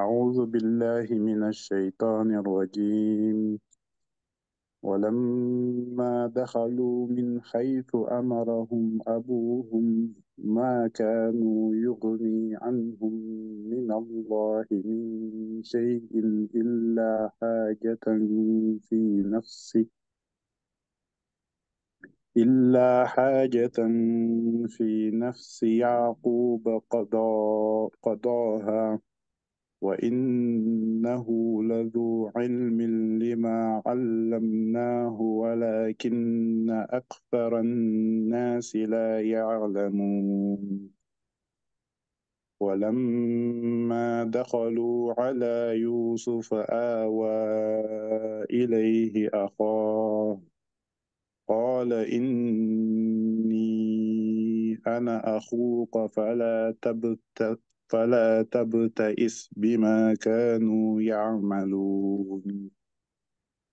أعوذ بالله من الشيطان الرجيم ولما دخلوا من حيث أمرهم أبوهم ما كانوا يغني عنهم من الله من شيء إلا حاجة في نفسه إلا حاجة في نفس يعقوب قضى قضاها وإنه لذو علم لما علمناه ولكن أكثر الناس لا يعلمون ولما دخلوا على يوسف آوى إليه أخاه قال إني أنا أخوك فلا تبت فلا تبتئس بما كانوا يعملون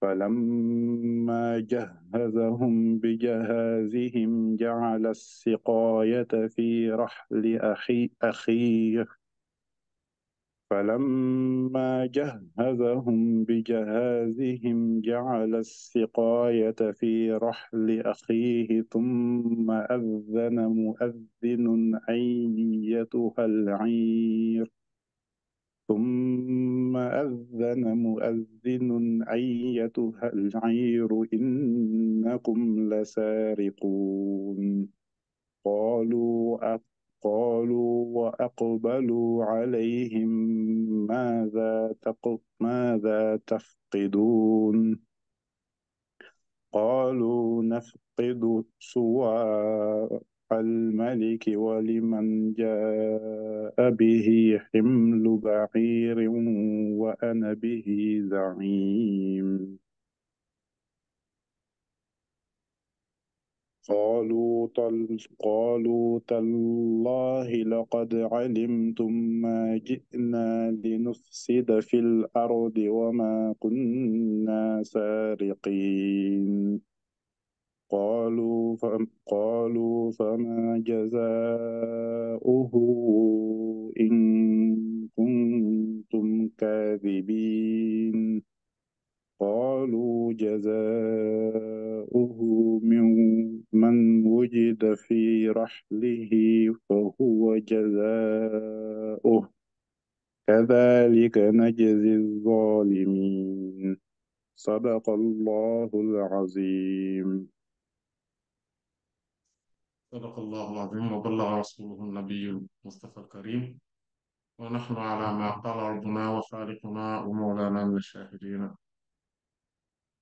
فلما جهزهم بجهازهم جعل السقاية في رحل أخي أخيه فلما جهزهم بجهازهم جعل السقاية في رحل أخيه ثم أذن مؤذن أيتها العير ثم أذن مؤذن أيتها العير إنكم لسارقون قالوا قالوا وأقبلوا عليهم ماذا ماذا تفقدون قالوا نفقد سواء الملك ولمن جاء به حمل بعير وأنا به زعيم قالوا تل قالوا تالله لقد علمتم ما جئنا لنفسد في الأرض وما كنا سارقين قالوا قالوا فما جزاؤه إن كنتم كاذبين قالوا جزاؤه من من وجد في رحله فهو جزاؤه كذلك نجزي الظالمين صدق الله العظيم صدق الله العظيم وبلغ رسوله النبي المصطفى الكريم ونحن على ما قال ربنا وخالقنا ومولانا من الشاهدين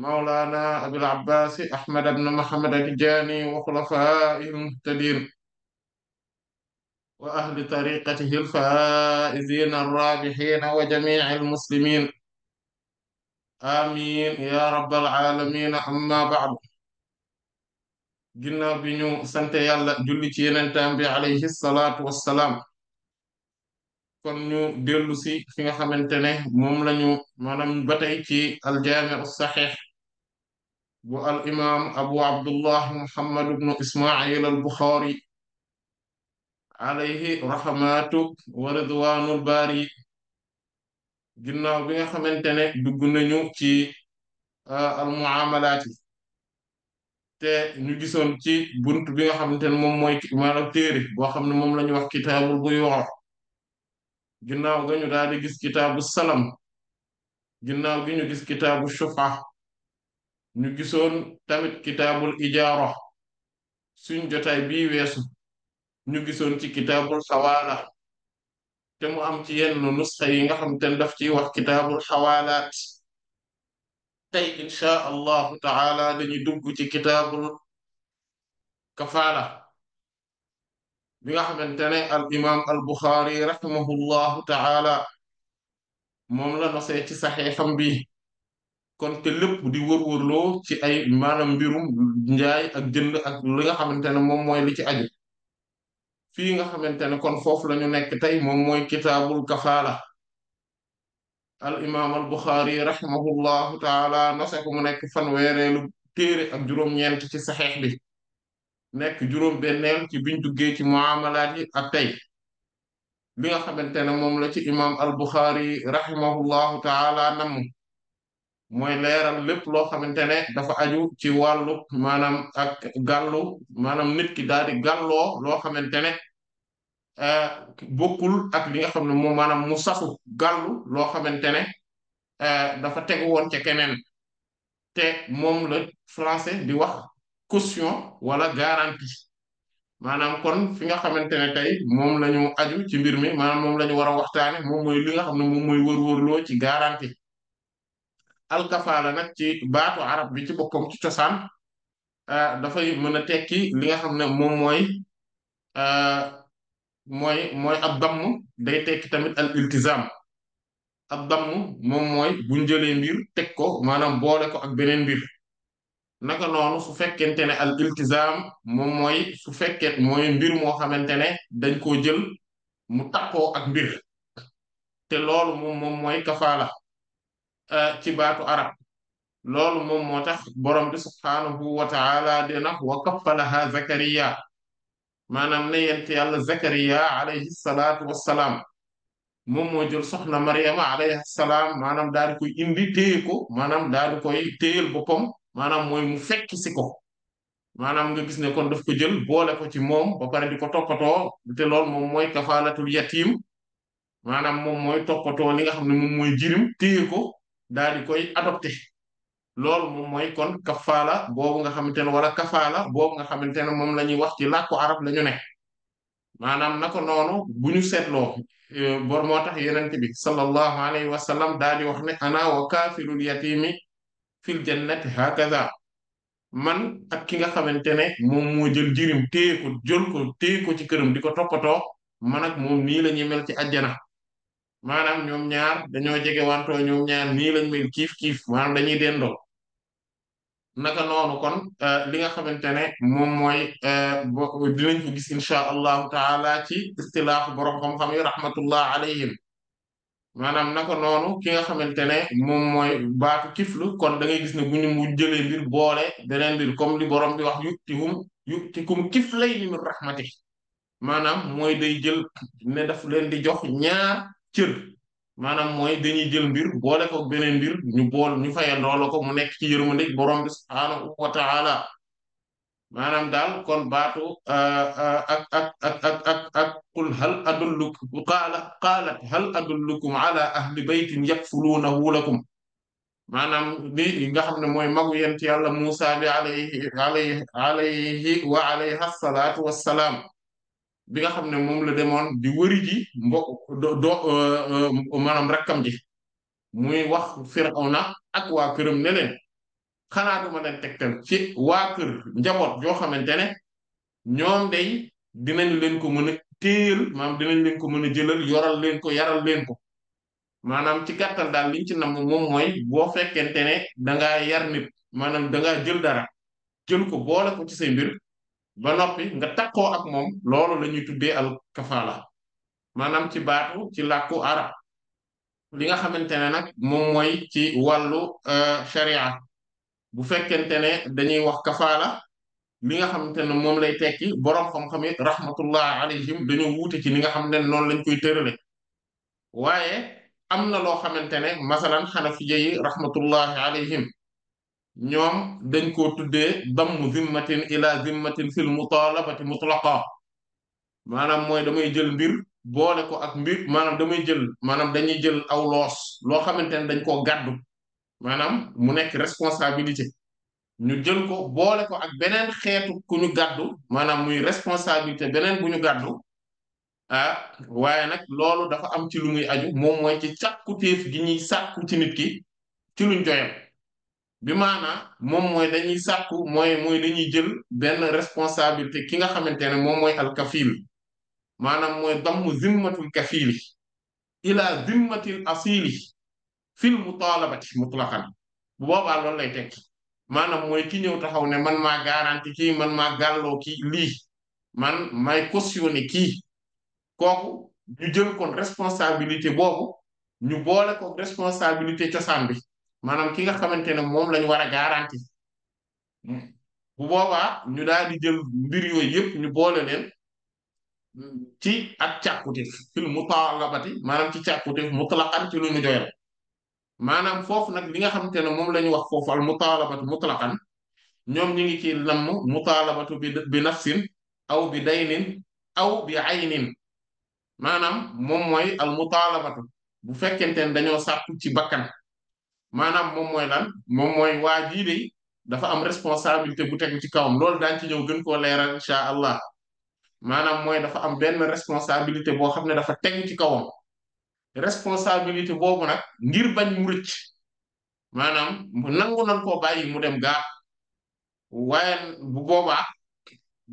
مولانا أبي العباس أحمد بن محمد الجاني وخلفائه المهتدين وأهل طريقته الفائزين الرابحين وجميع المسلمين آمين يا رب العالمين أما بعد ginnaaw bi ñu sant yàlla julli ci yenentaam bi alayhi salaatu wassalaam kon ñu dellu si fi nga xamante ne moom lañu maanaam ba tey ci aljaami saxiix bu al imaam abu abdullah muhammad ibnu ismail al buxaari alayhi rahmatu wa ridwaanul baari ginnaaw bi nga xamante ne dugg nañu ci euh, al muamalaati te ñu gisoon ci bunt bi nga xamante ne moom mooy maanaam téere boo xam ne moom la ñu wax kitaabul buyuu ginnaaw ga ñu daal di gis kitaabu salam ginnaaw gi ñu gis kitaabu shufa ñu gisoon tamit kitaabul ijaaro suñ jotaay bii weesu ñu gisoon ci kitaabul xawaala te mu am ci yenn nusxa yi nga xam te daf ciy wax kitaabul xawaalaat tey insha allahu taala dañuy dugg ci kitaabul kafaala bi nga xamante ne al imaam al buxaari raximahu llahu taala moom la nosee ci saxeexam bi kon te lépp di wër ci ay maanaam mbirum njaay ak jënd ak li nga xamante ne moom mooy li ci aju fii nga xamante ne kon foofu lañu nekk tey moom mooy kitaabul kafaala al imaam al buxaari rahimahullahu taala nose ko mu nekk fanweereelu téere ak juróom-ñeent ci saxeex bi nekk juróom-benneel ci biñ duggee ci muamalaat yi ak tey li nga xamante ne moom la ci imaam al buxaari rahimahullahu taala namm mooy leeral lépp loo xamante ne dafa aju ci wàllu maanaam ak gàllu maanaam nit ki daal di gàlloo loo xamante ne eh, bokkul ak li nga xam ne moom maanaam mu saxu gàllu loo xamante ne eh, dafa tegu woon ca keneen te moom la français di wax costion wala garantie maanaam kon fi nga xamante ne tey moom la ñu aju ci mbir mi maanaam moom la ñu war a waxtaane moom mooy li nga xam ne moom mooy wër-wërloo ci garantie alkafaala nag ci baatu arab bi ci boppam ci cosaan euh, dafay mën a tekki li nga xam ne moom mooy euh, mooy mooy ab damm day tekki tamit al iltizam ab damm moom mooy buñ jëlee mbir teg ko maanaam boole ko ak beneen mbir naka noonu su fekkente ne al iltizam moom mooy su fekkee mooy mbir moo xamante ne dañ koo jël mu takkoo ak mbir te loolu moom moom mooy kafaala Eh, ci baatu arab loolu moom moo tax borom bi subhaanahu wa taala dina wa kaffalaha zakariya maanaam ne yent yàlla zakariya alayhi salaatu wassalaam moom moo jël soxna Mariama alayhi salaam maanaam daal di koy indi téye ko maanaam daal di koy téyel boppam maanaam mooy mu fekk si ko maanaam nga gis ne kon daf ko jël boole ko ci moom ba pare di ko toppatoo te loolu moom mooy yatim maanaam moom mooy toppatoo li nga xam ne moom mooy jirim téye ko daal di koy adopté loolu moom mooy kon kafaala boobu nga xamante ne wala kafala boobu nga xamante ne moom la ñuy wax ci làkku arab la ñu ne maanaam naka noonu bu ñu seetloo euh, bor moo tax yenente bi sallallahu alayhi wa sallam daal di wax ne ana wa kaafilul yatimi fil jannati hakaza man ak ki nga xamante ne moom moo jël jirim téye ko jël ko téye ko ci këram di ko toppatoo man ak moom mel ci àjjana maanaam ñoom ñaar dañoo jege wanto ñoom ñaar nii lañ mel kiif kiif maanaam dañuy dendoo naka noonu kon euh, li nga xamante ne moom mooy euh, dinañ ko gis insha ci istilaaxu borom xam-xam yi rahmatullah maanaam naka ki nga xamante ne moom mooy baatu kiflu kon da ngay gis ne bu ñu mu jëlee mbir boole beneen mbir comme li borom bi wax yuktihum yuktikum kiflayni min rahmatih maanaam mooy day jël ne daf leen di jox ñaar. cër maanaam mooy dañuy jël mbir boole ko beneen mbir ñu bool ñu fayandoo la ko mu nekk ci yërmandeeg borom bi subhaanahu wa taala maanaam daal kon baatu ak ak ak a ak ak qul hal adulluku qaala qaalat hal adullukum ala ahli baytin yakfuluunahu lakum maanaam li nga xam ne mooy magu yent yàlla Muusa bi alayhi alayhi alayhi wa alayha salaatu wassalaam bi nga xam ne moom la demoon di wëri ji mbokk do euh, euh, maanaam rakkam ji muy wax na ak waa këram ne leen xanaa duma leen tegtal ci waa kër njaboot joo xamante ne ñoom day dinañ leen ko mën a téyal maanaam dinañ leen ko mën a jëlal yoral leen ko yaral leen ko maanaam ci gàttal daal liñ ci nam moom mooy boo fekkente ne dangaa yar nit maanaam dangaa jël dara jël ko boole ko ci say mbir ba noppi nga takkoo ak moom loolu la tuddee al kafaala maanaam ci baatu ci làkku arab li nga xamante ne nag moom mooy ci wàllu euh, sharia bu fekkente ne dañuy wax kafala li nga xamante ne moom lay tekki boroom xam-xam yi rahmatullah alayhim dañoo wuute ci li nga xam ne noonu lañ koy tërale waaye am na loo xamante ne masalan xanafiya yi rahmatullahi alayhim ñoom dañ koo tuddee mu dammu zimmatin ila zimmatin fil mu mutlaqa maanaam mooy damay jël mbir boole ko ak mbir maanaam damay jël maanaam dañuy jël aw loos loo xamante ne dañ koo gàddu maanaam mu nekk responsabilité ñu jël ko boole ko ak beneen xeetu ku ñu gàddu maanaam muy responsabilité beneen bu ñu gàddu ah waaye nag loolu dafa am ci lu muy aju moom mooy ci càkkutéef gi ñuy sàkku ci nit ki ci luñ joyal bi maanaa moom mooy dañuy sàkku mooy mooy dañuy jël benn responsabilité ki nga xamante ne moom mooy alkafiil maanaam mooy dammu zimmatul kafiili ila zimmatil asili fil mutalabati mutlaqan bu boobaa loolu lay tekki maanaam mooy ki ñëw taxaw ne man maa garanti kii man maa gàlloo kii lii man may cautionné kii kooku ñu jël kon responsabilité boobu ñu boole ko responsabilité cosaan bi maanaam ki nga xamante ne moom lañu war a garanti hmm. bu boobaa ñu daal di jël mbir yooyu yëpp ñu boole leen ci ak càkkutéef fil mutaalabati maanaam ci càkkutéef mutlaqan ci maanaam foofu nag li nga xamante ne moom la ñu wax foofu al mutaalabatu mutlaqan ñoom ñi ngi ci lamm mutaalabatu bi bi nafsin aw bi daynin aw bi aynin maanaam moom mooy al mutaalabatu bu fekkente ne dañoo sàkku ci bakkan maanaam moom mooy lan moom mooy waa jii de dafa am responsabilité bu teg ci kawam loolu daañ ci ñëw gën koo leeral incha allah maanaam mooy dafa am benn responsabilité boo xam ne dafa teg ci kawam responsabilité boobu nag ngir bañ mu rëcc maanaam nangu nan koo bàyyi mu dem gaa waaye bu boobaa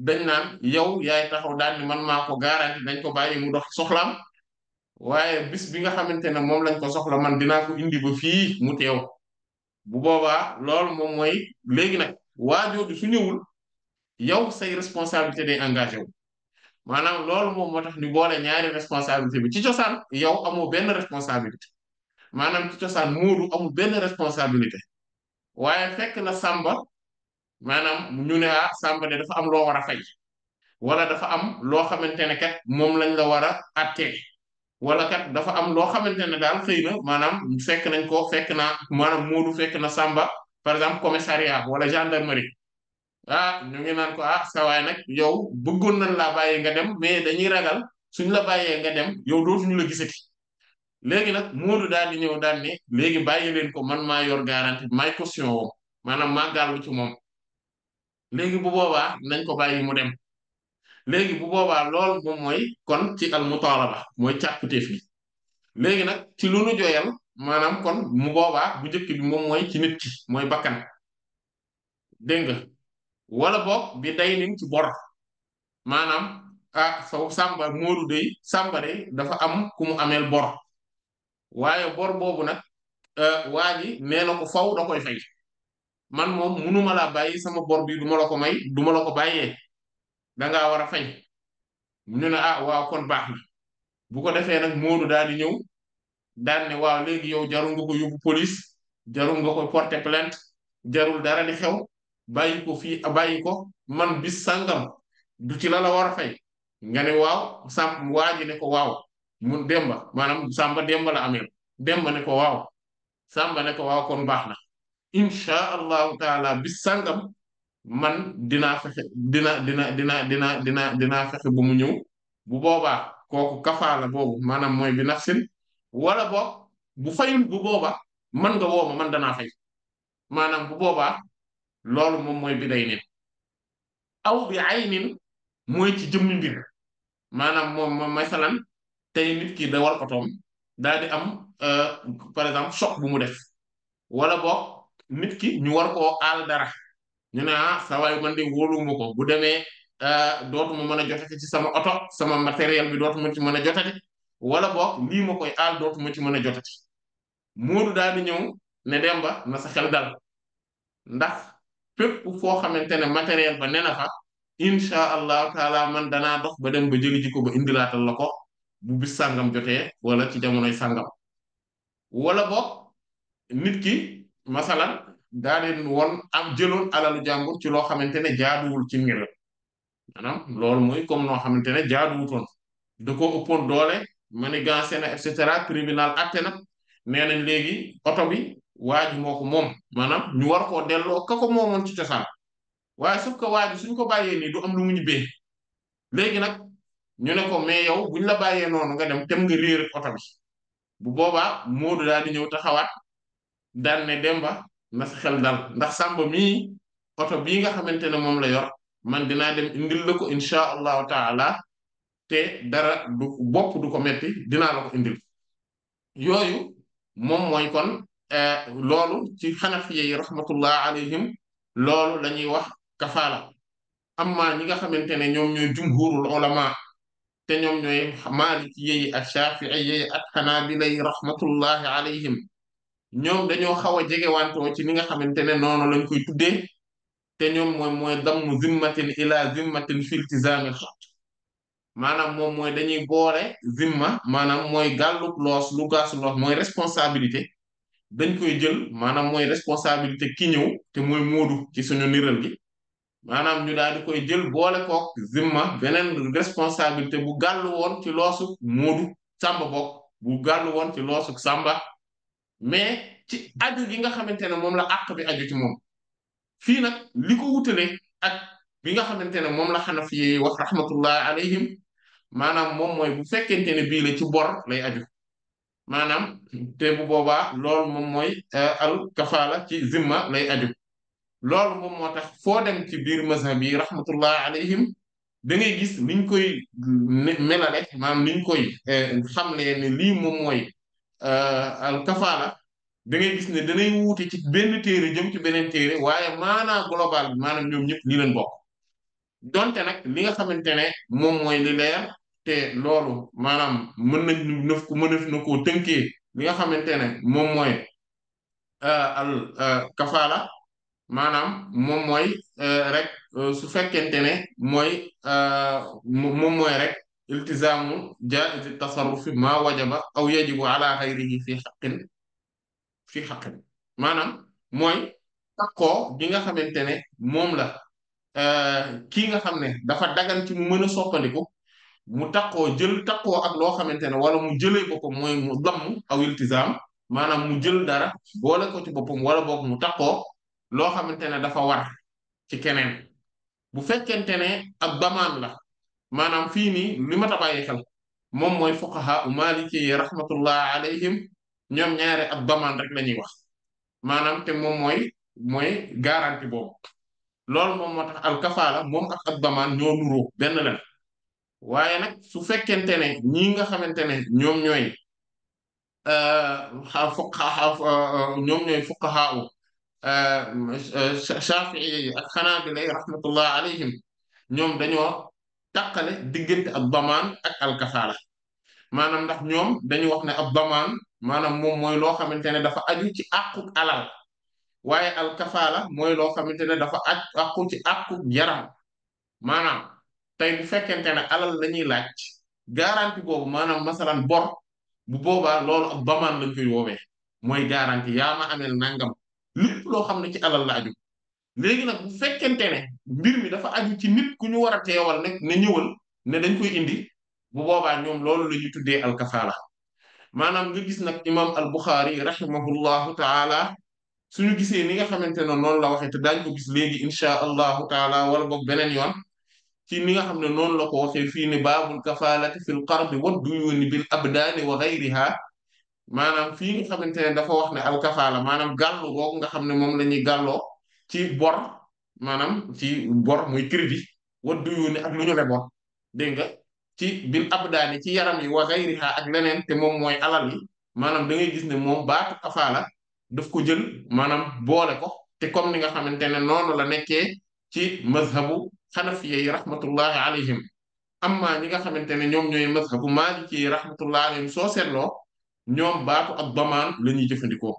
dañ naan yow yaay taxaw daal ni man maa ko garanti dañ ko bàyyi mu dox soxlaam waaye bis bi nga xamante ne moom lañ ko soxla man dinaa ko indi ba fii mu teew bu boobaa loolu moom mooy léegi nag waa jooju su ñëwul yow say responsabilité day engagé wu maanaam loolu moom moo tax ni boole ñaari responsabilité bi ci cosaan yow amoo benn responsabilité maanaam ci cosaan Moodu amul benn responsabilité waaye fekk na sàmba maanaam ñu ne ah Samba de dafa am loo war a fay wala dafa am loo xamante ne kat moom lañ la war a àttee wala kat dafa am loo xamante ne daal xëy na maanaam fekk nañ ko fekk na maanaam Moodu fekk na sàmba par exemple commissariat wala gendarmerie ah ñu ngi naan ko ah sa waay nag yow bëggoon nañ laa bàyyee nga dem mais dañuy ragal suñ la bàyyee nga dem yow dootuñu la gisati léegi nag Moodu daal di ñëw daal ne léegi bàyyi leen ko man maa yor garantie may caution woo maanaam maa gàllu ci moom léegi bu boobaa nañ ko bàyyi mu dem. léegi bu boobaa lool moom mooy kon ci al mutaalaba mooy càkkutéef gi léegi nag ci lu nu joyal maanaam kon mu boobaa bu njëkk bi moom mooy ci nit mooy bakkan dégg nga wala boog bi day nin ci bor maanaam ah saw sàmba móodu day sàmba dafa am ku mu ameel bor waaye bor boobu nag eh, waa ji nee na ko faw da koy fay man moom munuma laa bàyyi sama bor bii du ma la ko may du ma la ko bàyyee dangaa war a fay ñu ne ah waaw kon baax na bu ko defee nag Moodu daal di ñëw daan ne yow jarul ko yóbbu police jarul ko porter plainte jarul dara di xew bàyyi ko fii bàyyi ko man bis sangam du ci la la war a fay nga ne waaw sam waa ji ko waaw mun demba maanaam samba demba la amee demba ne ko waaw samba ne ko waaw kon baax na incha allahu taala bis sangam man dinaa fexe dina dina dina dina dinaa fexe bu mu ñëw bu boobaa kooku kafala boobu maanaam mooy bi nafsin wala boog bu fayul bu boobaa man nga wooma man danaa fay maanaam bu boobaa loolu moom mooy bi day nin aw bi ay nin mooy ci jëmmi mbir maanaam moom masalan tey nit ki da war otoom daal di am euh, par exemple choc bu mu def wala boog nit ki ñu war koo aal dara ñu ne ah saa waay man de ko bu demee eh, dootuma mën a jotati ci sama oto sama matériel bi dootuma ci mën a jotati wala boo lii ma koy aal dootuma ci mën a jotati Moodu daal di ñëw ne Demba na sa xel dal ndax fépp foo xamante ne matériel ba nee na fa incha allahu taala man danaa dox ba dem ba jëli ji ko ba indilaatal la ko bu bis sàngam jotee wala ci jamonoy sàngam wala boog nit ki masalan daa leen woon am jëloon alalu jàmbur ci loo xamante ne jaaduwul ci mbir maanaam loolu mooy comme noo xamante ne jaaduwutoon da koo ëppoon doole manigancé na et cetera tribunal atte na nee nañ léegi oto bi waa ji moo ko moom maanaam ñu war koo delloo ka ko moomoon ci cosaan waaye sauf que waa ji suñ ko bàyyee nii du am lu mu ñibbee léegi nag ñu ne ko mais yow buñ la bàyyee noonu nga dem tem nga réer oto bi bu boobaa Moodu daal di ñëw taxawaat daan ne Demba na sa xel dal ndax sàmba mi oto bii nga xamante ne moom la yor man dinaa dem indil la ko incha allahu taala te dara du bopp du ko metti dinaa la ko indil yooyu moom mooy kon eh, loolu ci xanafiya yi rahmatullah alayhim loolu la ñuy wax kafaala amma ñi nga xamante ne ñoom ñooy jumhurul ulama te ñoom ñooy maaliki yi ak shafii yi ak xanaabila yi rahmatullahi alayhim ñoom dañoo xaw a jegewaantoo ci ni nga xamante ne noonu lañ koy tuddee te ñoom mooy mooy dammu zimmatin ila zimmatin fi iltizaamil xaq maanaam moom mooy dañuy boole zimma maanaam mooy gàllug loos lu gaasu loos mooy responsabilité dañ koy jël maanaam mooy responsabilité ki ñëw te mooy moodu ci suñu niral gi maanaam ñu daal di koy jël boole kook zimma beneen responsabilité bu gàllu woon ci loosu moodu sàmba bokk bu gàllu woon ci loosu samba mais ci aju gi nga xamante ne moom la àq bi aju ci moom fii nag li ko wutale ak bi nga xamante ne moom la xanaf yi wax rahmatullahi alayhim maanaam moom mooy bu fekkente ne bii la ci bor lay aju maanaam te bu boobaa loolu moom mooy eh, al kafaala ci zimma lay aju loolu moom moo tax foo dem ci biir mazhab yi rahmatullahi alayhim da ngay gis niñ koy mm, melale maam niñ koy eh, xamlee ne lii moom mooy Euh, al kafaala da ngay gis ne danay wuute ci benn téere jëm ci beneen téere waaye maanaa global bi maanaam ñoom ñëpp li leen bokk donte nag li nga xamante ne moom mooy li leer te loolu maanaam mën nañ nëf ko mënef na koo tënkee li nga xamante ne moom mooy euh, al euh, kafaala maanaam moom mooy rek su fekkente ne mooy moom mooy rek iltizaamu jaa'izi tasarrufi ma wajaba aw yajibu ala xayrihi fi xaqin fi xaqin maanaam mooy takkoo gi nga xamante ne moom la euh, kii nga xam ne dafa dagan ci mu mën a soppandiku mu takkoo jël takkoo ak loo xamante ne wala mu jëlee boppam mooy mu damm aw iltizaam maanaam mu jël dara boole ko ci boppam wala boog mu takkoo loo xamante ne dafa war ci keneen bu fekkente ne ab damaan la manam fi ni li ma tabaayee xel mom moy fuqaha u maliki rahmatullah alayhim ñom ñaare ak damaan rek lañuy wax manam te mom moy moy garantie bob lool mom motax al kafala mom ak ak damaan ñoo nuro ben la waye nak su fekente ne ñi nga xamantene ñom ñoy euh fuqaha ñom ñoy fuqaha euh shafii yi ak xanaabila rahmatullah alayhim ñom dañoo tàqale diggante ab damaan ak alkafaala maanaam ndax ñoom dañu wax ne ab damaan maanaam moom mooy loo xamante ne dafa aju ci àqu alal waaye alkafaala mooy loo xamante ne dafa aj àqu ci àqu yaram maanaam tey bu fekkente ne alal lañuy laaj garanti boobu maanaam masalan bor bu boobaa loolu ab damaan lañ koy woowee mooy garanti yaa ma ameel nangam lépp xam ne ci alal la aju légui nak bu fekkente ne mbir mi dafa aju ci nit ku ñu wara teewal nak ne ñëwal ne dañ koy indi bu boba ñom loolu la tuddé al kafala manam nga gis nak imam al bukhari rahimahullah taala suñu gisé ni nga xamante non noonu la waxé te dañ ko gis légui insha allah taala wala bok benen yoon ci mi nga xamne non la ko waxee fii ne baabul kafaalati fil qard wa duyun bil abdan wa ghayriha manam fi nga xamante dafa wax ne al kafala manam gàllu gog nga xamne mom lañuy la gàlloo ci bor maanaam ci bor muy crédit wadduyuuni ak lu ñu leboon dégg nga ci bil abdaani ci yaram yi wa gayriha ak leneen te moom mooy alal yi maanaam da ngay gis ne moom baatu kafaala daf ko jël maanaam boole ko te comme ni nga xamante ne noonu la nekkee ci mazhabu xanafiya yi rahmatullahi alayhim amma ñi nga xamante ne ñoom ñooy mazhabu maaliki yi rahmatullahi alayhim soo seetloo ñoom baatu ak damaan la ñuy jëfandikoo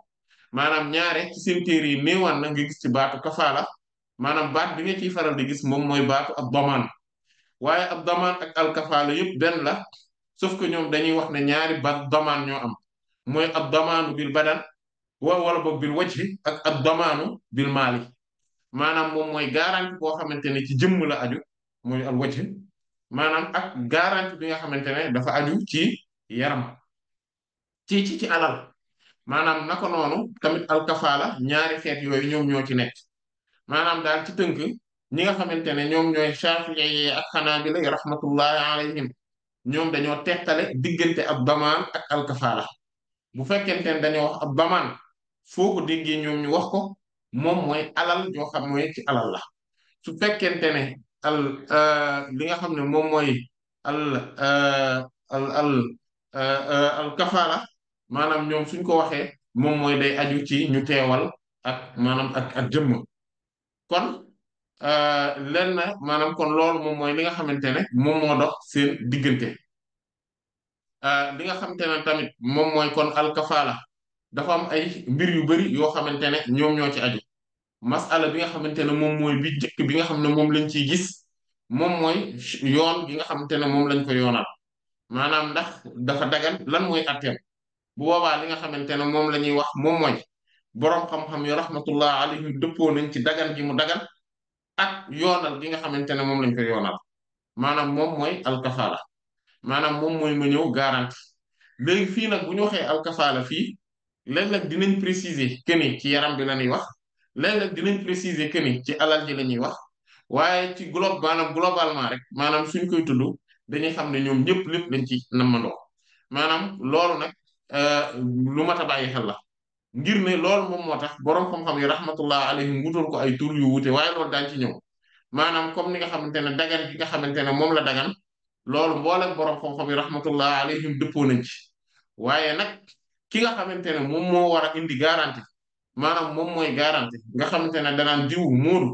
manam ñaare ci cimetière yi néewaan na nga gis ci baatu kafaala manam baat bi nga ciy faral di gis moom mooy baatu ab domaan waaye ab domaan ak alkafaala yëpp benn la sauf que ñoom dañuy wax ne ñaari baat domaan ñoo am mooy ab domaanu bil badan wa wala boog bil wajhi ak ab domaanu bil maali maanaam moom mooy garanti boo xamante ne ci jëmm la aju mooy al wajhi maanaam ak garanti bi nga xamante ne dafa aju ci yaram ci ci ci alal manam nako nonu tamit al kafala ñaari xet yoy ñom ñoo ci nekk manam dal ci teunk ñi nga xamantene ñom ñoy ñooy Shafi'i ak Hanabila rahmatullahi alayhim ñom dañoo tektale diggante ab bamaan ak al kafala bu fekkente dañoo wax ab bamaan foo diggé ñom ñu wax ko mom moy alal jo xam moy ci alal la su fekkente ne al li nga xam ne moom mooy al al al kafala maanaam ñoom suñ ko waxee moom mooy day aju ci ñu teewal ak maanaam ak ak jëmm kon euh, lenn maanaam kon loolu moom mooy li nga xamante ne moom moo dox seen diggante euh, li nga xamante ne tamit moom mooy kon alkafala dafa am ay mbir yu bari yoo xamante ne ñoom ñoo ci aju masala bi nga xamante ne moom mooy bi jëkk bi nga xam ne moom lañ ciy gis moom mooy yoon bi nga xamante ne moom lañ ko yoonal maanaam ndax dafa dagan lan mooy atteem bu boobaa li nga xamante ne moom la ñuy wax moom mooy boroom xam-xam yu rahmatullah alayhim dëppoo nañ ci dagan gi mu dagan ak yoonal gi nga xamante ne moom lañ ko yoonal maanaam moom mooy alkafaala maanaam moom mooy ma ñëw garanti léegi fii nag bu ñu waxee alkafaala fii léeg-léeg dinañ préciser que ci yaram bi la ñuy wax léeg-léeg dinañ préciser que ci alal ji la ñuy wax waaye ci globe maanaam globalement rek maanaam suñ koy tudd dañuy xam ne ñoom ñëpp lépp lañ ci nammandoo maanaam loolu nag Euh, lu mat a bàyyi xel la ngir ne loolu moom moo tax boroom xam-xam yi rahmatullah alayhim wutal ko ay tur yu wuute waaye loolu daañu ci ñëw maanaam comme ni nga xamante ne dagan gi nga xamante ne moom la dagan loolu mboolem boroom xam-xam yi rahmatullah alayhim dëppoo nañ ci waaye nag ki nga xamante ne moom moo war a indi garantie maanaam moom mooy garantie nga xamante ne danaan diw Moodu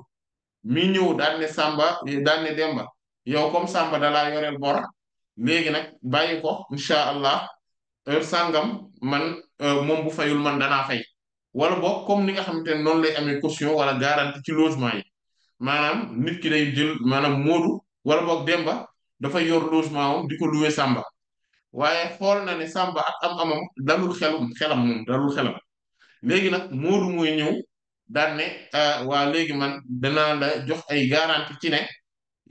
mi ñëw daan ne Samba daan ne Demba yow comme Samba dalaa yoreel bor léegi nag bàyyi ko incha allah. heure sàngam man euh, moom bu fayul man danaa fay wala boog comme ni nga xamante ne noonu lay amee caution wala garantie ci logement yi maanaam nit ki day jël maanaam Moodu wala boog Demba dafa yor logement am di ko Samba waaye xool na ne Samba ak am-amam dalul xelum xelam moom dalul xelam léegi nag Moodu mooy ñëw daan ne euh, waa léegi man danaa la jox ay garantie ci ne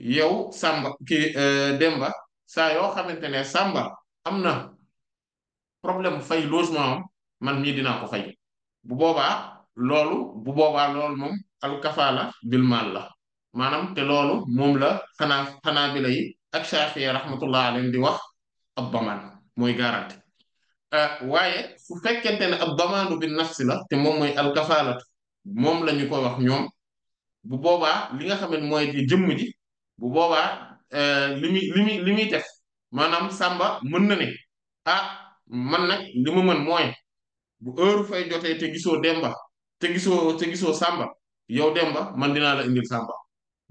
yow Samba ki euh, Demba saa yoo xamante ne Samba am na. problème fay logement am man mi dina ko fay bu boba lolu bu boba lolu mom al kafala bil mal la manam te lolu mom la xanaa xanaa bi lay ak shafi rahmatullah alayhi di wax ab moy garantie euh waye su fekente ne ab damaanu bi nafs la te mom moy al kafala mom lañu ko wax ñom bu boba li nga xamne moy di jëm ji bu boba euh limi limi limi def manam Samba mën na ne ah. man nak limu man moy bu heure fay joté té gisoo Demba té gisoo té Samba yow Demba man dina la indil Samba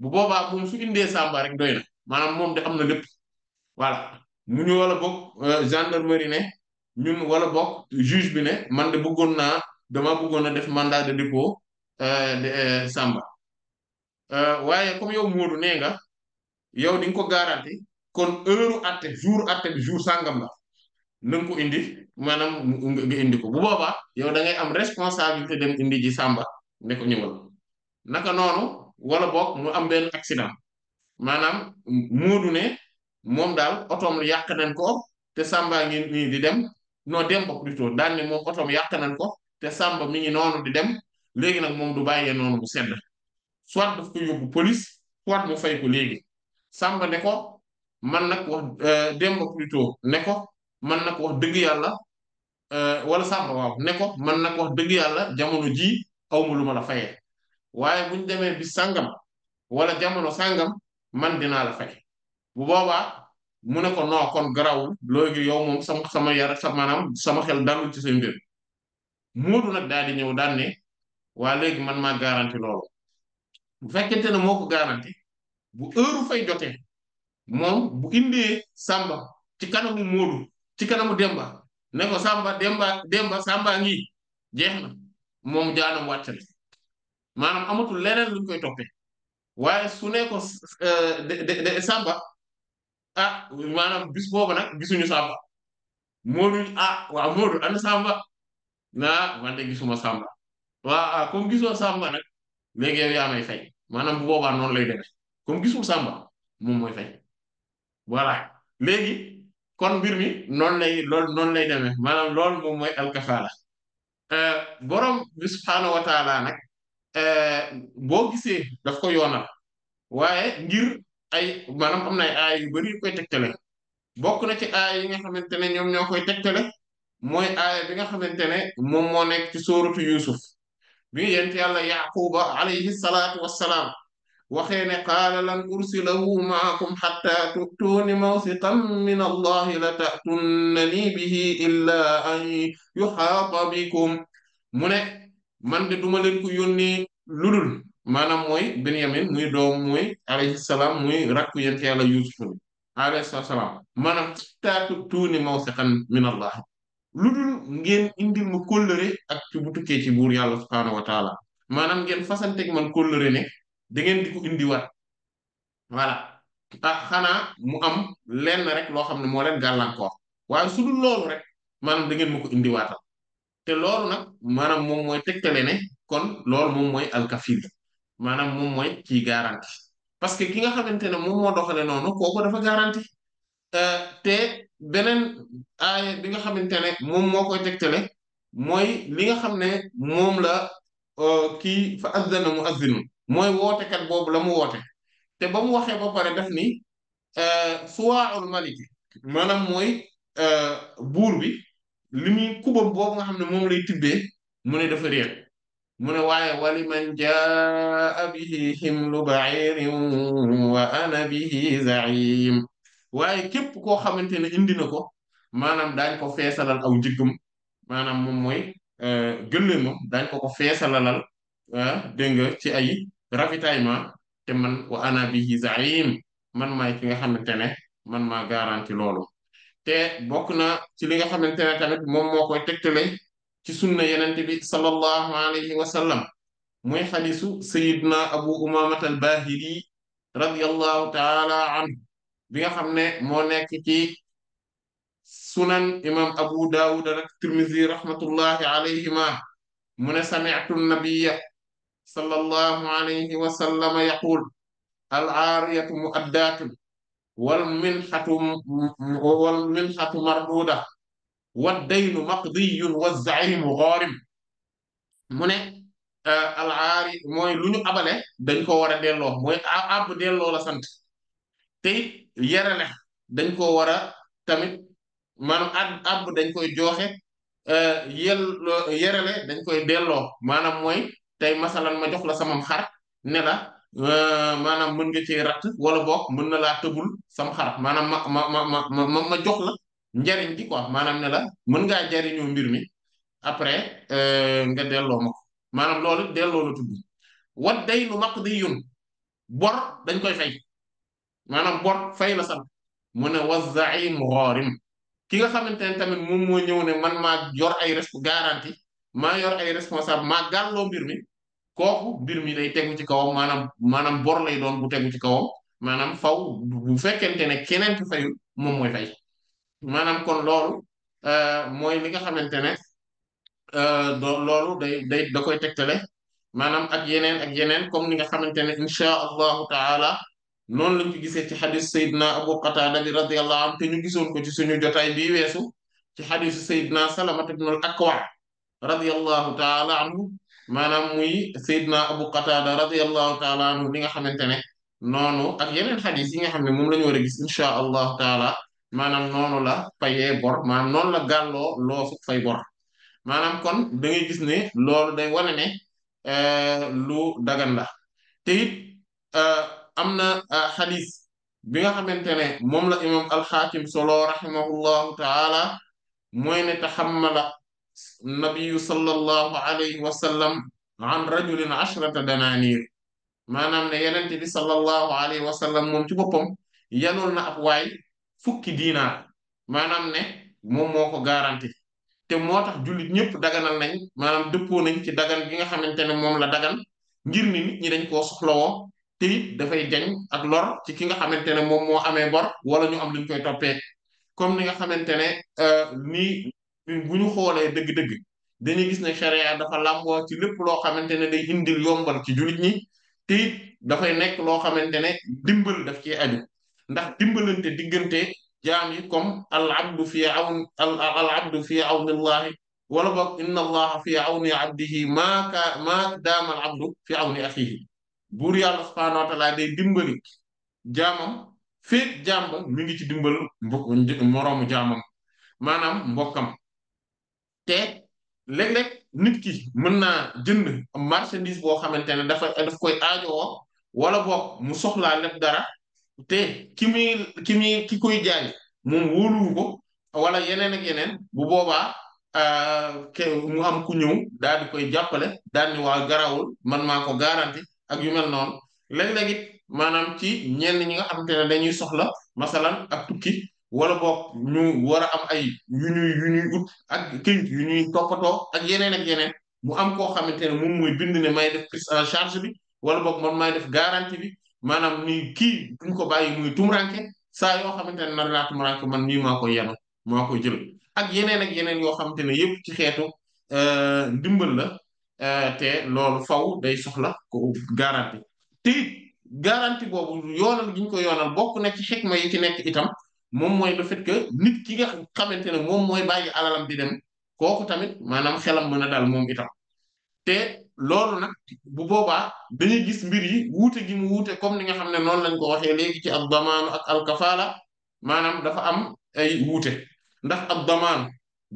bu bu mu su indé Samba rek doyna manam mom moom de am wala voilà mu ñu wala bok euh, gendarmerie ne ñun wala bok juge bi ne man de bëggon na dama bëggon na def mandat de dépôt euh, euh Samba euh, waye comme yow Modou né nga yow di nga ko garanti kon heure àtte jour àtte jur jour sangam la. na indi maanaam nga indi ko bu boobaa yow da ngay am responsabilité dem indi ji sàmba ne ñu ñëwal naka noonu wala boog mu am benn accident maanaam muudu ne moom daal otoom yàq nañ ko te sàmba ngi nii di dem non dem ba plutôt daan otoom yàq nañ ko te sàmba mi ngi noonu di dem léegi nag moom du bàyyee noonu mu sedd soit daf ko yóbbu police soit mu fay ko léegi sàmba ne ko man nag wax euh, dem ba plutôt ne ko man na ko wax dëgg yàlla euh, wala sàmm waaw ne ko man na ko wax dëgg yàlla jamono jii awma lu ma la fayee waaye buñ demee bi sàngam wala jamono sàngam man dinaa la fay bu boobaa mu ne ko noo kon garawul léegi yow moom sama sama yar sa maanaam sama xel dalul ci sa mbir Moodu nag daal di ñëw daan ne waa léegi man maa garanti loolu bu fekkente ne moo ko garanti bu heure fay jotee moom bu indee sàmba ci kanamu Moodu ci kanamu Demba ne ko Samba Demba Demba Samba ngi jeex moom jaanam wàcc na maanaam amatul leneen luñ koy toppee waaye su ne ko euh, de Samba a ah, maanaam bis boobu nag gisuñu Samba Moodu a ah, waaw Moodu ana Samba naa man de gisuma Samba waaw ah comme gisoo Samba nag léegi yow yaa may fay maanaam bu boobaa noonu lay demee comme gisul Samba moom mooy fay voilà léegi. kon mbir mi non lay lol non lay demé manam lol mom moy al kafala euh borom bi subhanahu wa taala nak euh bo gisé daf ko yonal waye ngir ay manam am na ay yu bari koy tektale bokk na ci ay yi nga xamantene ñom ñokoy tektale moy ay bi nga xamantene mom mo nek ci sóoratu yusuf bi yent yàlla Yaquba alayhi salatu wassalam waxee ne qaala lan ursilahu maakum xatta tu'tuuni mawsiqan min allahi la ta'tunnanii bihi illaa an yuxaata bikum mu ne man de duma leen ko lu dul maanaam mooy Benyamin muy doom muy alayhi salaam muy rakku yent yàlla Yuusuf ni alayhi salaam maanaam xatta tu'tuuni mawsiqan min allahi ludul ngeen indil ma kóllëre ak ci bu tukkee ci buur yàlla subhaanahu wa taala maanaam ngeen fasanteeg man kóllëre ne da ngeen di ko indiwaat voilà xanaa mu am lenn rek loo xam ne moo leen gàllankoor waaye su dul rek maanaam da ngeen ma ko indiwaatal te loolu nag maanaam moom mooy tegtale ne kon loolu moom mooy alkafil maanaam moom mooy ki garanti parce que ki nga xamante ne moom moo doxole noonu kooku dafa garanti euh, te beneen aaya bi nga xamante ne moom moo koy tegtale mooy li nga xam ne moom la euh, kii fa mu mu'azzinun mooy wootekat boobu la mu woote te ba mu waxee ba pare def ni suwaaul euh, maliki maanaam mooy euh, buur bi li muy kubam boobu nga xam ne moom lay tibbee mu ne dafa réer mu ne waaye wali man jaa bihi himlu ba'irin wa ana bihi za'im waaye képp koo xamante ne indi na ko maanaam daañ ko feesalal aw njëggam maanaam moom mooy euh, gëlleemam daañ ko ko feesalalal ah, dégg nga ci ay ravitaillement té man wa ana bihi zaim man may ki nga xamantene man ma garanti lolu te bokna ci li nga xamantene tamit mom moo koy tegtale ci sunna yenente bi sallallahu alayhi wa sallam moy hadithu abu umamah al bahili radiyallahu taala anhu bi nga xam ne nek ci sunan imam abu dawud ak tirmidhi rahmatullahi alayhima mun sami'tu an nabiyya صلى الله عليه وسلم يقول العارية مؤدات والمنحة والمنحة مردودة والدين مقضي والزعيم غارم من العاري موي لونو ابالي دنجكو ورا ديلو موي اب ديلو لا سانت تي يرله دنجكو ورا تاميت مانو اب دنجكو جوخه يل يرله دنجكو ديلو مانام موي tey masalan ma jox la samam xar ne la euh, maanaam mën nga cee ratt wala boog mën na laa sam xar maanaam ma ma ma jox la njariñ bi quoi maanaam la mën ngaa jariñoo mbir mi après euh, nga delloo ma ko maanaam loolu delloo la tudd wat day nu yun bor dañ koy fay maanaam bor fay la sant mu ne wa zaim ki nga xamante ne tamit moom moo ñëw ne man maa yor ay resp garanti ma yor ay responsable maa gàlloo mbir mi kooku mbir mi day tegu ci kawam maanaam maanaam bor lay doon bu tegu ci kawam maanaam faw bu fekkente ne keneen ki fayu moom mooy fay maanaam kon loolu euh, mooy li nga xamante ne euh, loolu day day da koy tegtale maanaam ak yeneen ak yeneen comme ni nga xamante ne incha allahu taala noonu lañ ko gisee ci xadis na abu qatada bi radiallahu anhu te ñu gisoon ko ci suñu jotaay bi weesu ci xadisu sayidna salamat ibn al akwa radiallahu taala anhu maanaam muy Seydina Abu Qatada radiyallahu taala anhu li nga xamante ne noonu ak yeneen xadis yi nga xam ne moom la ñu war a gis incha allahu taala maanaam noonu la fayee bor maanaam noonu la gàlloo loo fukk fay bor maanaam kon da gis ne loolu day wane ne euh, lu dagan la te it euh, am na euh, xadis bi nga xamante ne moom la imam alxaakim solo rahimahullahu taala mooy ne taxammala nabiyu sallallahu alayhi wa sallam an rajulin ashrata dananir maanaam ne yenente bi sallallahu alayhi wa sallam moom ci boppam yanul na ab waay fukki diinaar maanaam ne moom moo ko garanti te moo tax julit ñëpp daganal nañ maanaam dëppoo nañ ci dagan gi nga xamante ne moom la dagan ngir ni nit ñi dañ koo soxlawoo te it dafay jañ ak lor ci ki nga xamante ne moom moo amee bor wala ñu am luñ koy toppee comme ni nga xamante ne euh, nii bu ñu xoolee deug dëgg dañuy gis ne sharia dafa lambo ci lepp loo xamantene day indil yombal ci julit ñi te da fay nek lo xamantene dimbal daf ci aju ndax dimbalante digeunte jaam yi comme al abdu fi awn al abdu fi allah wala boog inna allah fi auni abdihi ma ka ma dama al abdu fi awni axihi buur yàlla subhanahu wa taala day dimbali jaamam fi jaam mi ngi ci dimbal mbokk jaamam manam mbokam te léeg-léeg nit ki mën naa jënd marchandise boo xamante ne dafa daf koy aajowoo wala boog mu soxlaa lépp dara te ki mi ki muy ki koy jaay moom wóoluwu ko wala yeneen ak yeneen bu boobaa euh, ke mu am ku ñëw daal di koy jàppale daal ni waa garawul man maa ko garanti ak yu mel noonu léeg-léeg it maanaam ci ñenn ñi nga xamante ne dañuy soxla masalan ak tukki wala boog ñu war a am ay yu ñuy yu ñuy ut ak këyit yu ñuy toppatoo ak yeneen ak yeneen mu am koo xamante ne moom mooy bind ne may def prise en charge bi wala boog man may def garantie bi maanaam ni kii duñ ko bàyyi muy tumuranke saa yoo xamante ne nar laa tumuranke man nii maa koy yenu maa koy jël ak yeneen ak yeneen yoo xamante ne yëpp ci xeetu euh, ndimbal la euh, te loolu faw day soxla ko garantie te garantie boobu yoonal gi ñu ko yoonal bokk na ci xikma yi ci nekk itam mom moy le fait que nit ki nga xamantene mom moy bàyyi alalam di dem kooku tamit manam xelam meuna dal mom itam te lolu nak bu boba dañuy gis mbir yi woute gi mu woute comme ni nga xamne non lañ ko waxe léegi ci ab damaanu ak al kafala manam dafa am ay woute ndax ab damaan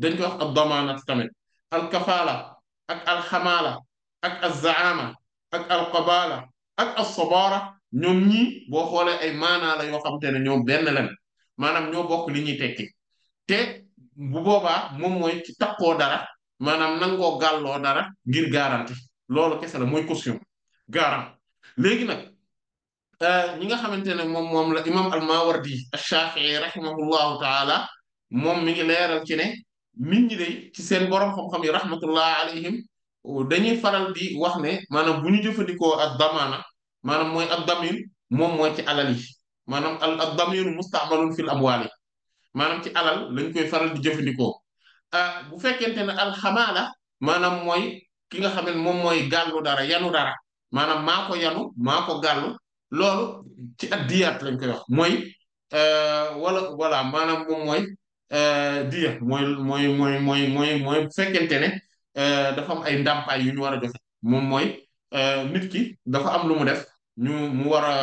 dañ ko wax ab ak tamit al kafala ak al khamala ak zaama ak al qabala ak sabara ñom ñi bo xolé ay manala yo xamantene ñom ben lan maanaam ñoo bokk li ñuy tekki te bu boobaa moom mooy ci takkoo dara maanaam nangoo gàlloo dara ngir garanti loolu kese la mooy caution garant léegi nag euh, ñi nga xamante ne moom moom la imam al-Mawardi ash-Shafi'i rahimahullahu taala moom mi ngi leeral ci ne nit ñi de ci seen borom xam-xam yi rahmatullah alayhim dañuy faral di wax ne maanaam bu ñu jëfandikoo ak damaana maanaam mooy ak damin moom mooy ci alal yi maanaam al ad damiru mustaamalun fil amwaali maanaam ci alal lañ koy faral di jëfandikoo ah, bu fekkente ne alxamaala maanaam mooy ki nga xam ne moom mooy gàllu dara yanu dara maanaam maa ko yanu maa ko gàllu loolu ci ak diyaat lañ koy wax mooy eh, wala voilà maanaam moom mooy eh, diya mooy mooy mooy mooy mooy mooy bu fekkente ne eh, dafa am ay ndàmpaay yu ñu war a joxe moom mooy nit ki dafa am lu mu def ñu mu war a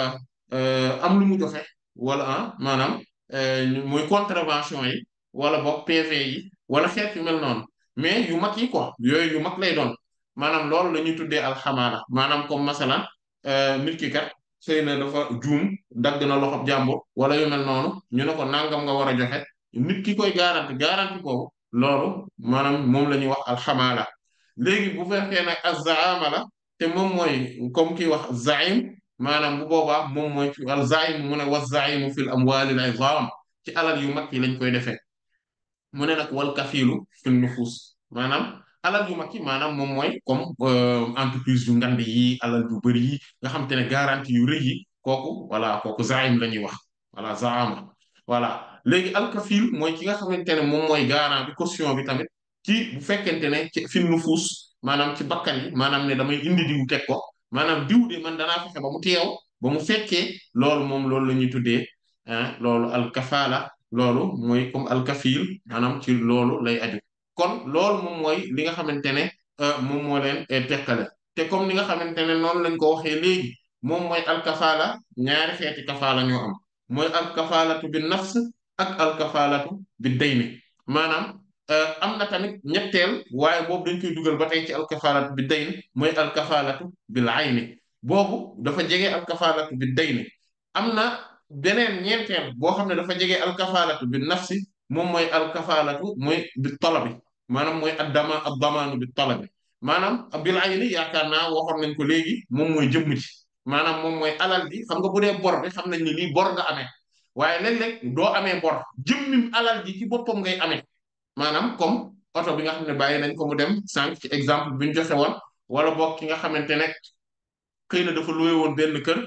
Euh, am lu mu joxe wala ah maanaam euh, muy contravention yi wala boog PV yi wala xeet yu mel noonu mais yu mag yi ko yooyu yu mag lay doon maanaam loolu la ñuy tuddee alxamaala maanaam comme masalan euh, nit ki kat xëy na dafa juum dagg na loxob jàmbur wala yu noonu ñu ne ko nga war a joxe nit ki koy garanti garanti ko loolu maanaam moom la ñuy wax alxamaala léegi bu fekkee nag azzaama la te moom mooy comme ki wax zaim maanaam bu boobaa moom mooy ci al zaim mu ne wa zaimu fil amwalil izam ci alal yu mag yi lañ koy defee mu ne nag wal kafilu fil nufus maanaam alal yu mag yi maanaam moom mooy comme euh, entreprise yu ngand yi alal yu bëri yi nga xam te ne garantie yu rëy yi kooku voilà kooku zaim la ñuy wax voilà zaama wala léegi al kafil mooy ki nga xamante ne moom mooy garant bi caution bi tamit ci bu fekkente ne ci fil nufus maanaam ci bakkan yi maanaam ne damay indi diwu teg ko maanaam diw de man danaa fexe ba mu teew ba mu fekkee loolu moom loolu la ñuy tuddee loolu alkafaala loolu mooy comme alkafil maanaam ci loolu lay aju kon loolu moom mooy li nga xamante ne euh, moom moo leen euh, tekkale te comme ni nga xamante ne noonu lañ ko waxee léegi moom mooy alkafaala ñaari xeeti kafaala ñoo am mooy alkafaalatu bi nafs ak alkafaalatu bi dayni maanaam Euh, am na tamit ñetteel waaye boobu dañ koy dugal ba tey ci alkafaalatu bi dayn mooy alkafaalatu bil ayni boobu dafa jege alkafaalatu bi dayni am na beneen ñeenteel boo xam ne dafa jege alkafaalatu bi nafsi moom mooy alkafaalatu mooy bi talabi maanaam mooy addama addamaanu bi talabi maanaam bil ayni yaakaar naa waxoon nañ ko léegi moom mooy jëmm ji maanaam moom mooy alal ji xam nga bu dee bor bi xam nañ ni lii bor nga amee waaye léeg-léeg doo amee bor jëmmim alal ji ci boppam ngay amee maanaam comme oto bi nga xam ne bàyyi nañ ko mu dem sànq ci exemple bi ñu joxe woon wala boog ki nga xamante ne xëy na dafa luwe woon benn kër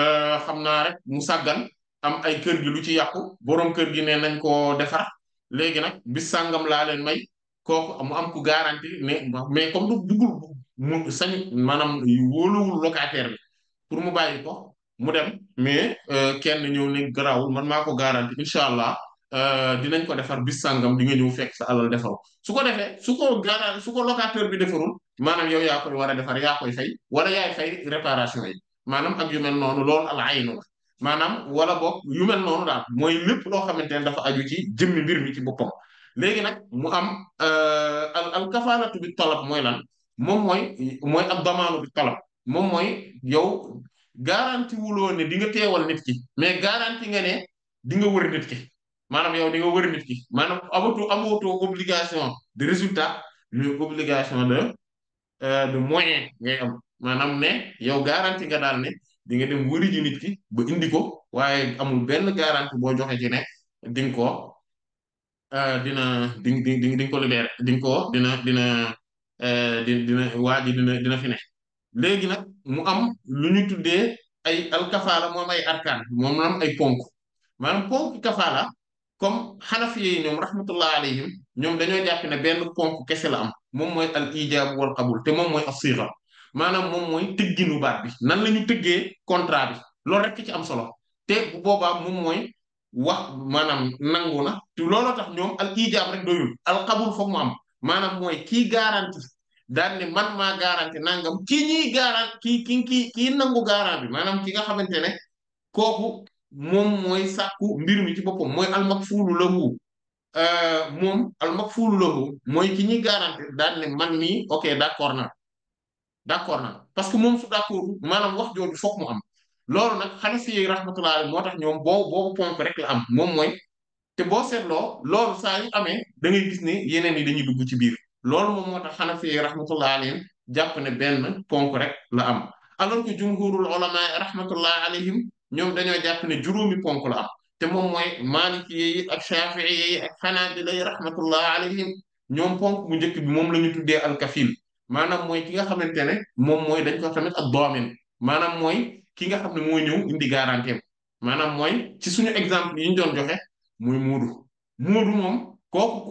euh, xam naa rek mu sàggan am ay kër gi lu ci yàqu borom kër gi ne nañ koo defar léegi nag bis sàngam laa leen may ko mu am ku garanti ne mais comme du duggul mu sañ maanaam wóoluwul locataire bi pour mu bàyyi ko mu dem mais euh, kenn ñëw ne garaawul man maa ko garanti incha allah. Euh, dinañ ko defar bis sàngam di nga ñëw fekk sa alal defaru su ko defee su ko gana su ko bi defarul manam yow yaa koy war a defar yaa koy fay wala yaay fay réparation yi maanaam ak yu mel noonu loolu al aynu la maanaam wala boog yu mel noonu daal mooy lépp loo xamante ne dafa aju ci jëmmi mbir mi ci boppam léegi nag mu am euh, al al kafaalatu mooy lan moom mooy mooy ab damaanu bi talab moom mooy yow garanti wuloo ne di nga teewal nit ki mais garanti nga ne di nga wër nit ki maanaam yow di nga wër nit ki maanaam amatu amatoo obligation de résultat mais obligation de euh, de moyen ngay am maanaam ne yow garanti nga daal ne di nga dem wëri ji nit ki ba indi ko waaye amul benn garanti boo joxe ci ne di ko euh, dina di di di nga ko libéré ko dina dina euh, dina waa ji dina dina fi ne léegi nag mu am lu ñu tuddee ay alkafaala moom ay arkaan moom am ay ponk maanaam ponk kafaala comme xanafi yi ñoom rahmatullah alayhim ñoom dañoo jàpp ne benn ponk kese la am moom mooy al ijaab wal qabul te moom mooy as-siga maanaam moom mooy tëgginu baat bi nan la ñu tëggee contrat bi loolu rek ci am solo te bu boobaa moom mooy wax maanaam nangu na te looloo tax ñoom al ijaab rek doyul al qabul foog mu am maanaam mooy kii garanti daal ne man maa garanti nangam kii ñuy garanti kii ki kii nangu garant bi maanaam ki nga xamante ne kooku moom mooy sàkku mbir mi ci boppam mooy almakfuulu lahu euh, moom almakfuulu lahu mooy ki ñuy garantir daan ne man mi ok d'accord na d'accord na parce que moom su d'accord maanaam wax jooju foog mu am loolu nag Hanafi yi rahmatullahi moo tax ñoom boobu boobu pompe rek la am moom mooy te boo seetloo loolu saa yu amee da gis ne yeneen yi dañuy dugg ci biir loolu moom moo tax Hanafi yi rahmatullahi jàpp ne benn ponk rek la alayhim ñoom dañoo jàpp ne juróomi ponk la am te moom mooy maaliki yi ak shafii yi ak xanaabila yi rahmatullah alayhim ñoom ponk bu njëkk bi moom la ñu tuddee alkafil maanaam mooy ki nga xamante ne moom mooy dañ ko wax maanaam mooy ki nga xam ne mooy ñëw indi garantie maanaam mooy ci suñu exemple yi ñu doon muy muudu muudu moom kooku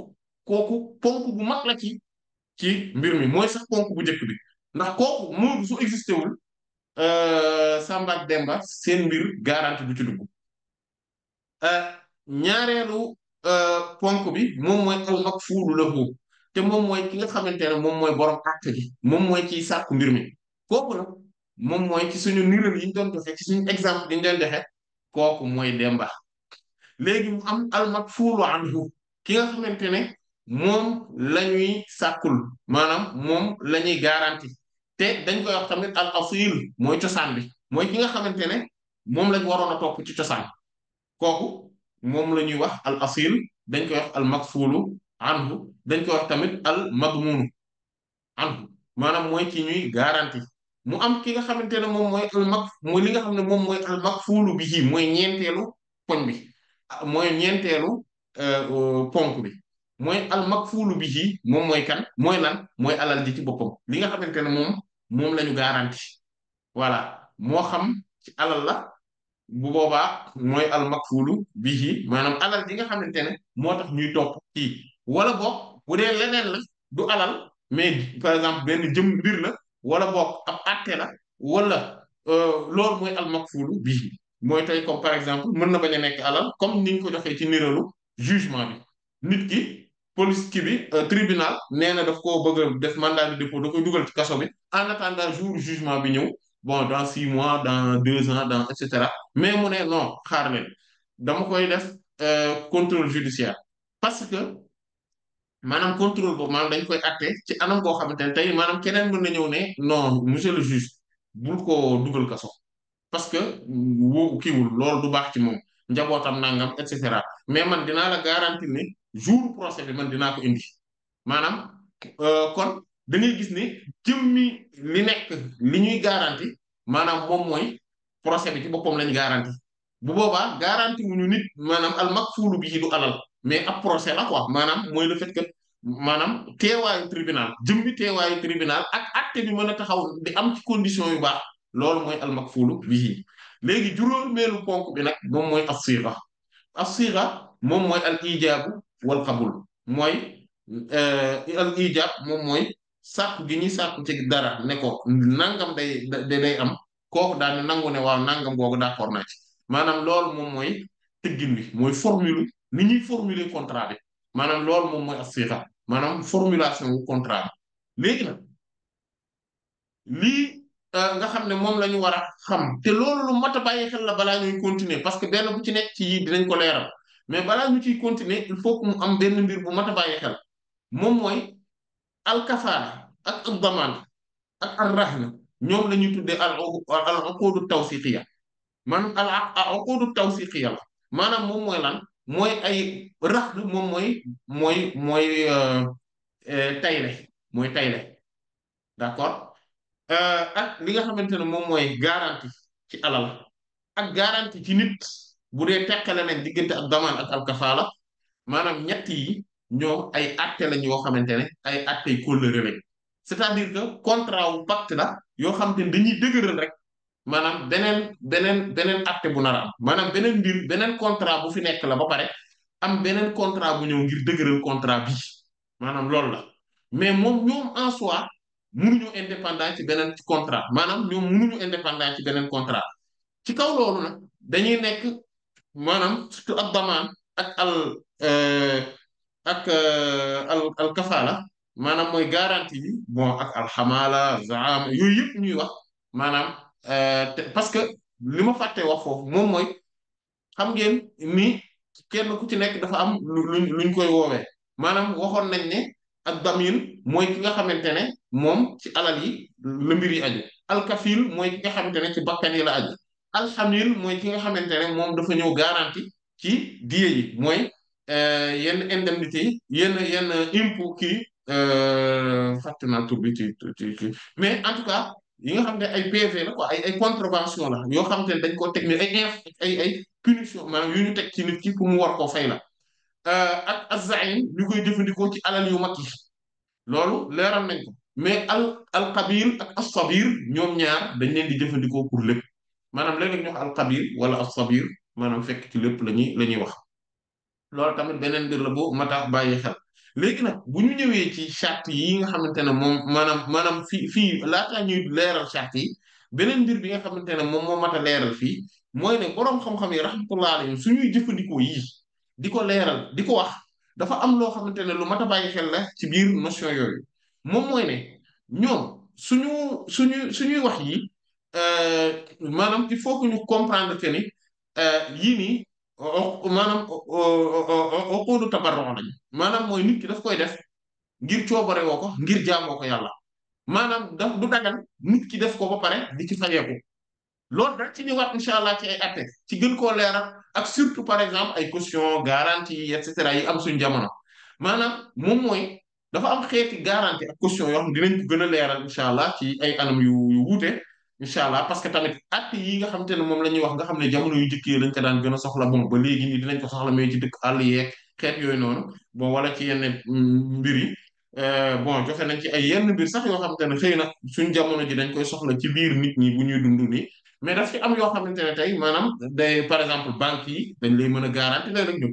kooku ponk bu mag la ci ci mbir mi mooy sax ponk bu njëkk bi ndax kooku muudu su existé wul Euh, Samba ak Demba seen mbir garanti du ci dugg euh, ñaareelu euh, ponk bi moom mooy al maqfuulu lahu te moom mooy ki nga xamante ne moom mooy borom àq gi moom mooy ci sàkku mbir mi kooku nag moom mooy ci suñu niral yi ñu doon joxe ci suñu exemple yi ñu doon joxe kooku mooy Demba léegi mu am al maqfuulu ki nga xamante ne moom la ñuy sàkkul maanaam moom la garanti te dañ koy wax tamit al asil mooy cosaan bi mooy ki nga xamante ne moom lañ waroon a topp ci cosaan kooku moom la ñuy wax al asil dañ koy wax al makfulu anhu dañ koy wax tamit al madmunu anhu maanaam mooy ki ñuy garanti mu am ki nga xamante ne moom mooy al mak mooy li nga xam ne moom mooy al bi bihi mooy ñeenteelu poñ bi mooy ñeenteelu euh, ponk bi moy al makfuulu bihi moom moy kan moy lan moy alal di ci bopam li nga xamantene mom mom lañu la voilà mo xam ci alal la bu boba moy al makfuulu bihi manam alal di nga xamantene motax ñuy top ci wala bok bu dee leneen la du alal mais par exemple ben jëm bir la wala bok ab atte la wala euh, lool moy al makfuulu bihi moy tey comme par exemple mën na baña nek alal comme niñ ko joxee ci niréelu jugement bi nit ki police qui un euh, tribunal néna daf ko bëgg def mandat de dépôt da koy dugal ci kasso bi en attendant jour jugement bi ñëw bon dans six mois dans deux ans dans et cetera mais mu ne non xaar leen dama koy def euh, contrôle judiciaire parce que manam contrôle bo maanaam dañ koy atté ci anam koo xamante tay manam maanaam keneen mën na ñëw ne non monsieur le juge bul ko dugal kasso parce que woo kiiwul loolu du baax ci mom njabotam nangam et cetera mais man dina la garantir ne jour procès bi man dinaa ko indi maanaam euh, kon da ngay gis ne jëmmi li nekk li ñuy garanti maanaam moom mooy procès bi ci boppam lañ garanti bu boobaa garanti wuñu nit maanaam al makfuulu bi du alal mais ab procès la quoi maanaam mooy le fait que maanaam teewaayu tribunal jëmmi teewaayu tribunal ak acte bi mën a taxaw di am ci condition yu baax loolu mooy al makfuulu bi léegi juróomeelu ponk bi nag moom mooy as-siiga as-siiga moom mooy al ijaabu wal xabul mooy al euh, ijab moom mooy sàkku gi ñuy sàkku ci dara ne ko nangam day day am kooku daal nangu ne waaw nangam googu d'accord na ci maanaam loolu moom mooy tëggin bi mooy formule ni ñuy formuler contrat bi maanaam lool moom mooy as-siqa maanaam formulation wu contrat bi léegi nag euh, nga xam ne moom la ñu war a xam te loolu lu mat a bàyyi xel la balaa ñuy continuer parce que benn bu ci nekk ci yii dinañ ko leeral mais balaa ñu ciy continuer il faut que mu am benn mbir bu mat a bàyyi xel moom mooy alkafaala ak ak damaan ak ar rahna ñoom la ñuy tuddee al al uqudu tawsiqiya maanaam al uqudu tawsiqiya la maanaam moom mooy lan mooy ay rahn moom mooy mooy mooy euh, euh, tayle mooy tayle d'accord euh, ak li nga xamante ne moom mooy garantie ci alal ak garantie ci nit bu dee teqale nañ diggante ak damaan ak alkafaala maanaam ñett yi ñoom ay acte lañ yoo xamante ne ay acte yu kóllëre lañ c'est-à-dire que contrat wu pacte la yoo xamante ne dañuy dëgëral rek maanaam beneen beneen beneen acte bu nar a am maanaam beneen mbir beneen contrat bu fi nekk la ba pare am beneen contrat bu ñëw ngir dëgëral contrat bi maanaam loolu la mais moom ñoom en soi mënuñu indépendant ci beneen contrat maanaam ñoom mënuñu indépendant ci beneen contrat ci kaw maanaam surtout ak damaan ak al euh, ak euh, al al kafaala maanaam mooy garantie yi bon ak alxamaala zaam yooyu yëpp ñuy wax maanaam euh, parce que li ma fàtte wax foofu moom mooy xam ngeen ni kenn ku ci nekk dafa am lu luñ luñ koy woowee maanaam waxoon nañ ne ak damin mooy ki nga xamante ne moom ci alal yi la mbir yi alkafil mooy ki nga xamante ne ci bakkan yi la aju alxamil mooy ki nga xamante ne moom dafa ñëw garanti ci diye yi mooy euh, yenn indemnité yenn yenn impôt kii euh, fàtte naa tur bi ci mais en tout cas yi nga xam ne ay PV la quoi ay ay contravention la yoo xam ne dañ koo teg ni ay ay ay punition maanaam yu ñu teg ci nit ki pour mu war koo fay la euh, at azzaim ñu koy jëfandikoo ci alal yu mag yi loolu leeral nañ ko mais al alxabir ak asabir ñoom ñaar dañ leen di jëfandikoo pour lépp maanaam léeg-léeg ñu wax alxabir wala alsabir maanaam fekk ci lépp la ñuy la ñuy wax loolu tamit beneen mbir la bu mata bàyyi xel léegi nag bu ñu ñëwee ci charte yi nga xamante ne moom maanaam maanaam fii fii laataa ñuy leeral charte yi beneen mbir bi nga xamante ne moom moo mat a leeral fii mooy ne boroom xam-xam yi rahmatullahi alayhim suñuy jëfandikoo yii di ko leeral di ko wax dafa am loo xamante ne lu mat a bàyyi xel la ci biir notion yooyu moom mooy ne ñoom suñu suñu suñuy wax yi Euh, Madame, il faut que nous comprendre que ni manam euh, nii nit ki daf koy def ngir ngir yalla du nit ki def ko ba pare di ci ci surtout par exemple ay caution garantie et cetera yi am suñu jamono manam dafa am garantie caution ci ay anam yu incha allah parce que tamit at yi nga xamante ne moom la ñuy wax nga xam ne jamono yu njëkk lañ ko daan gën a soxla bon ba léegi nii dinañ ko soxla mais ci dëkk àll yeeg xeet yooyu noonu bon wala ci mm, euh, nañ ci ay yenn mbir sax yoo xamante ne xëy na suñ jamono ji dañ koy soxla ci biir nit ñi bu ñuy dund nii mais daf ci am yoo xamante ne tey maanaam day par exemple banque yi dañ lay mën a garanti la rek ñu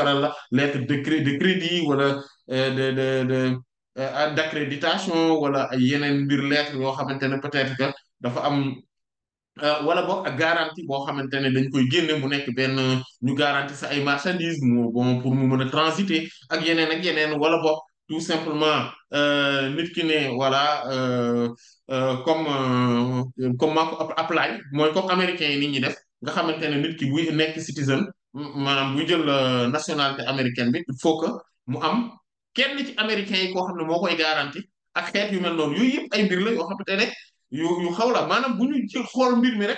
a la lettre de crédit de crédit wala euh, de de de euh, d'accréditation wala ay yeneen mbir lettre yoo xamante ne a être que dafa am euh, wala bok ak garantie bo xamantene dañ koy génne mu nekk benn ñu garantie sa ay marchandise mu bon pour mu mën a transiter ak yeneen ak yeneen wala bok tout simplement euh, nit ki ne voilà euh, comme comme maa ko apply mooy comme américain yi nit ñi def nga xamantene nit ki buy nekk citizen maanaam buy jël nationalité américaine bi il faut que mu am kenn ci américain yi koo xam ne moo koy garantie ak xeet yu mel noonu yooyu yëpp ay mbir la yoo xamante ne yu xaw la maanaam bu ñu jël xool mbir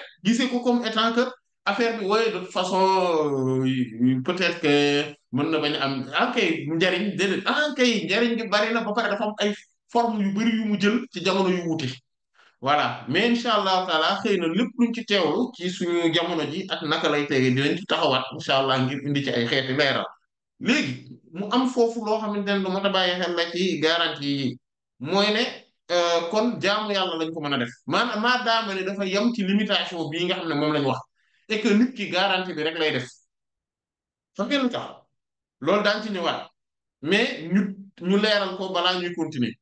comme étant que affaire bi de façon euh, peut-être que mën na bañ am ankay ah, njariñ déedéet ankay ah, njariñ bi bari na ba dafa forme yu bari yu mu jël ci yu voilà mais incha taala xëy na luñ ci teewlu ci suñu jamono ji ak naka lay tege dinañ ci taxawaat Euh, kon jaamu yàlla lañ ko mën a def maanaam maa daama ne dafa yem ci limitation bii nga xam ne moom lañ wax et que nit ki garantie bi rek lay def fa ngeen tax loolu daan ci ñëwaat mais ñu ñu leeral ko bala ñuy continuer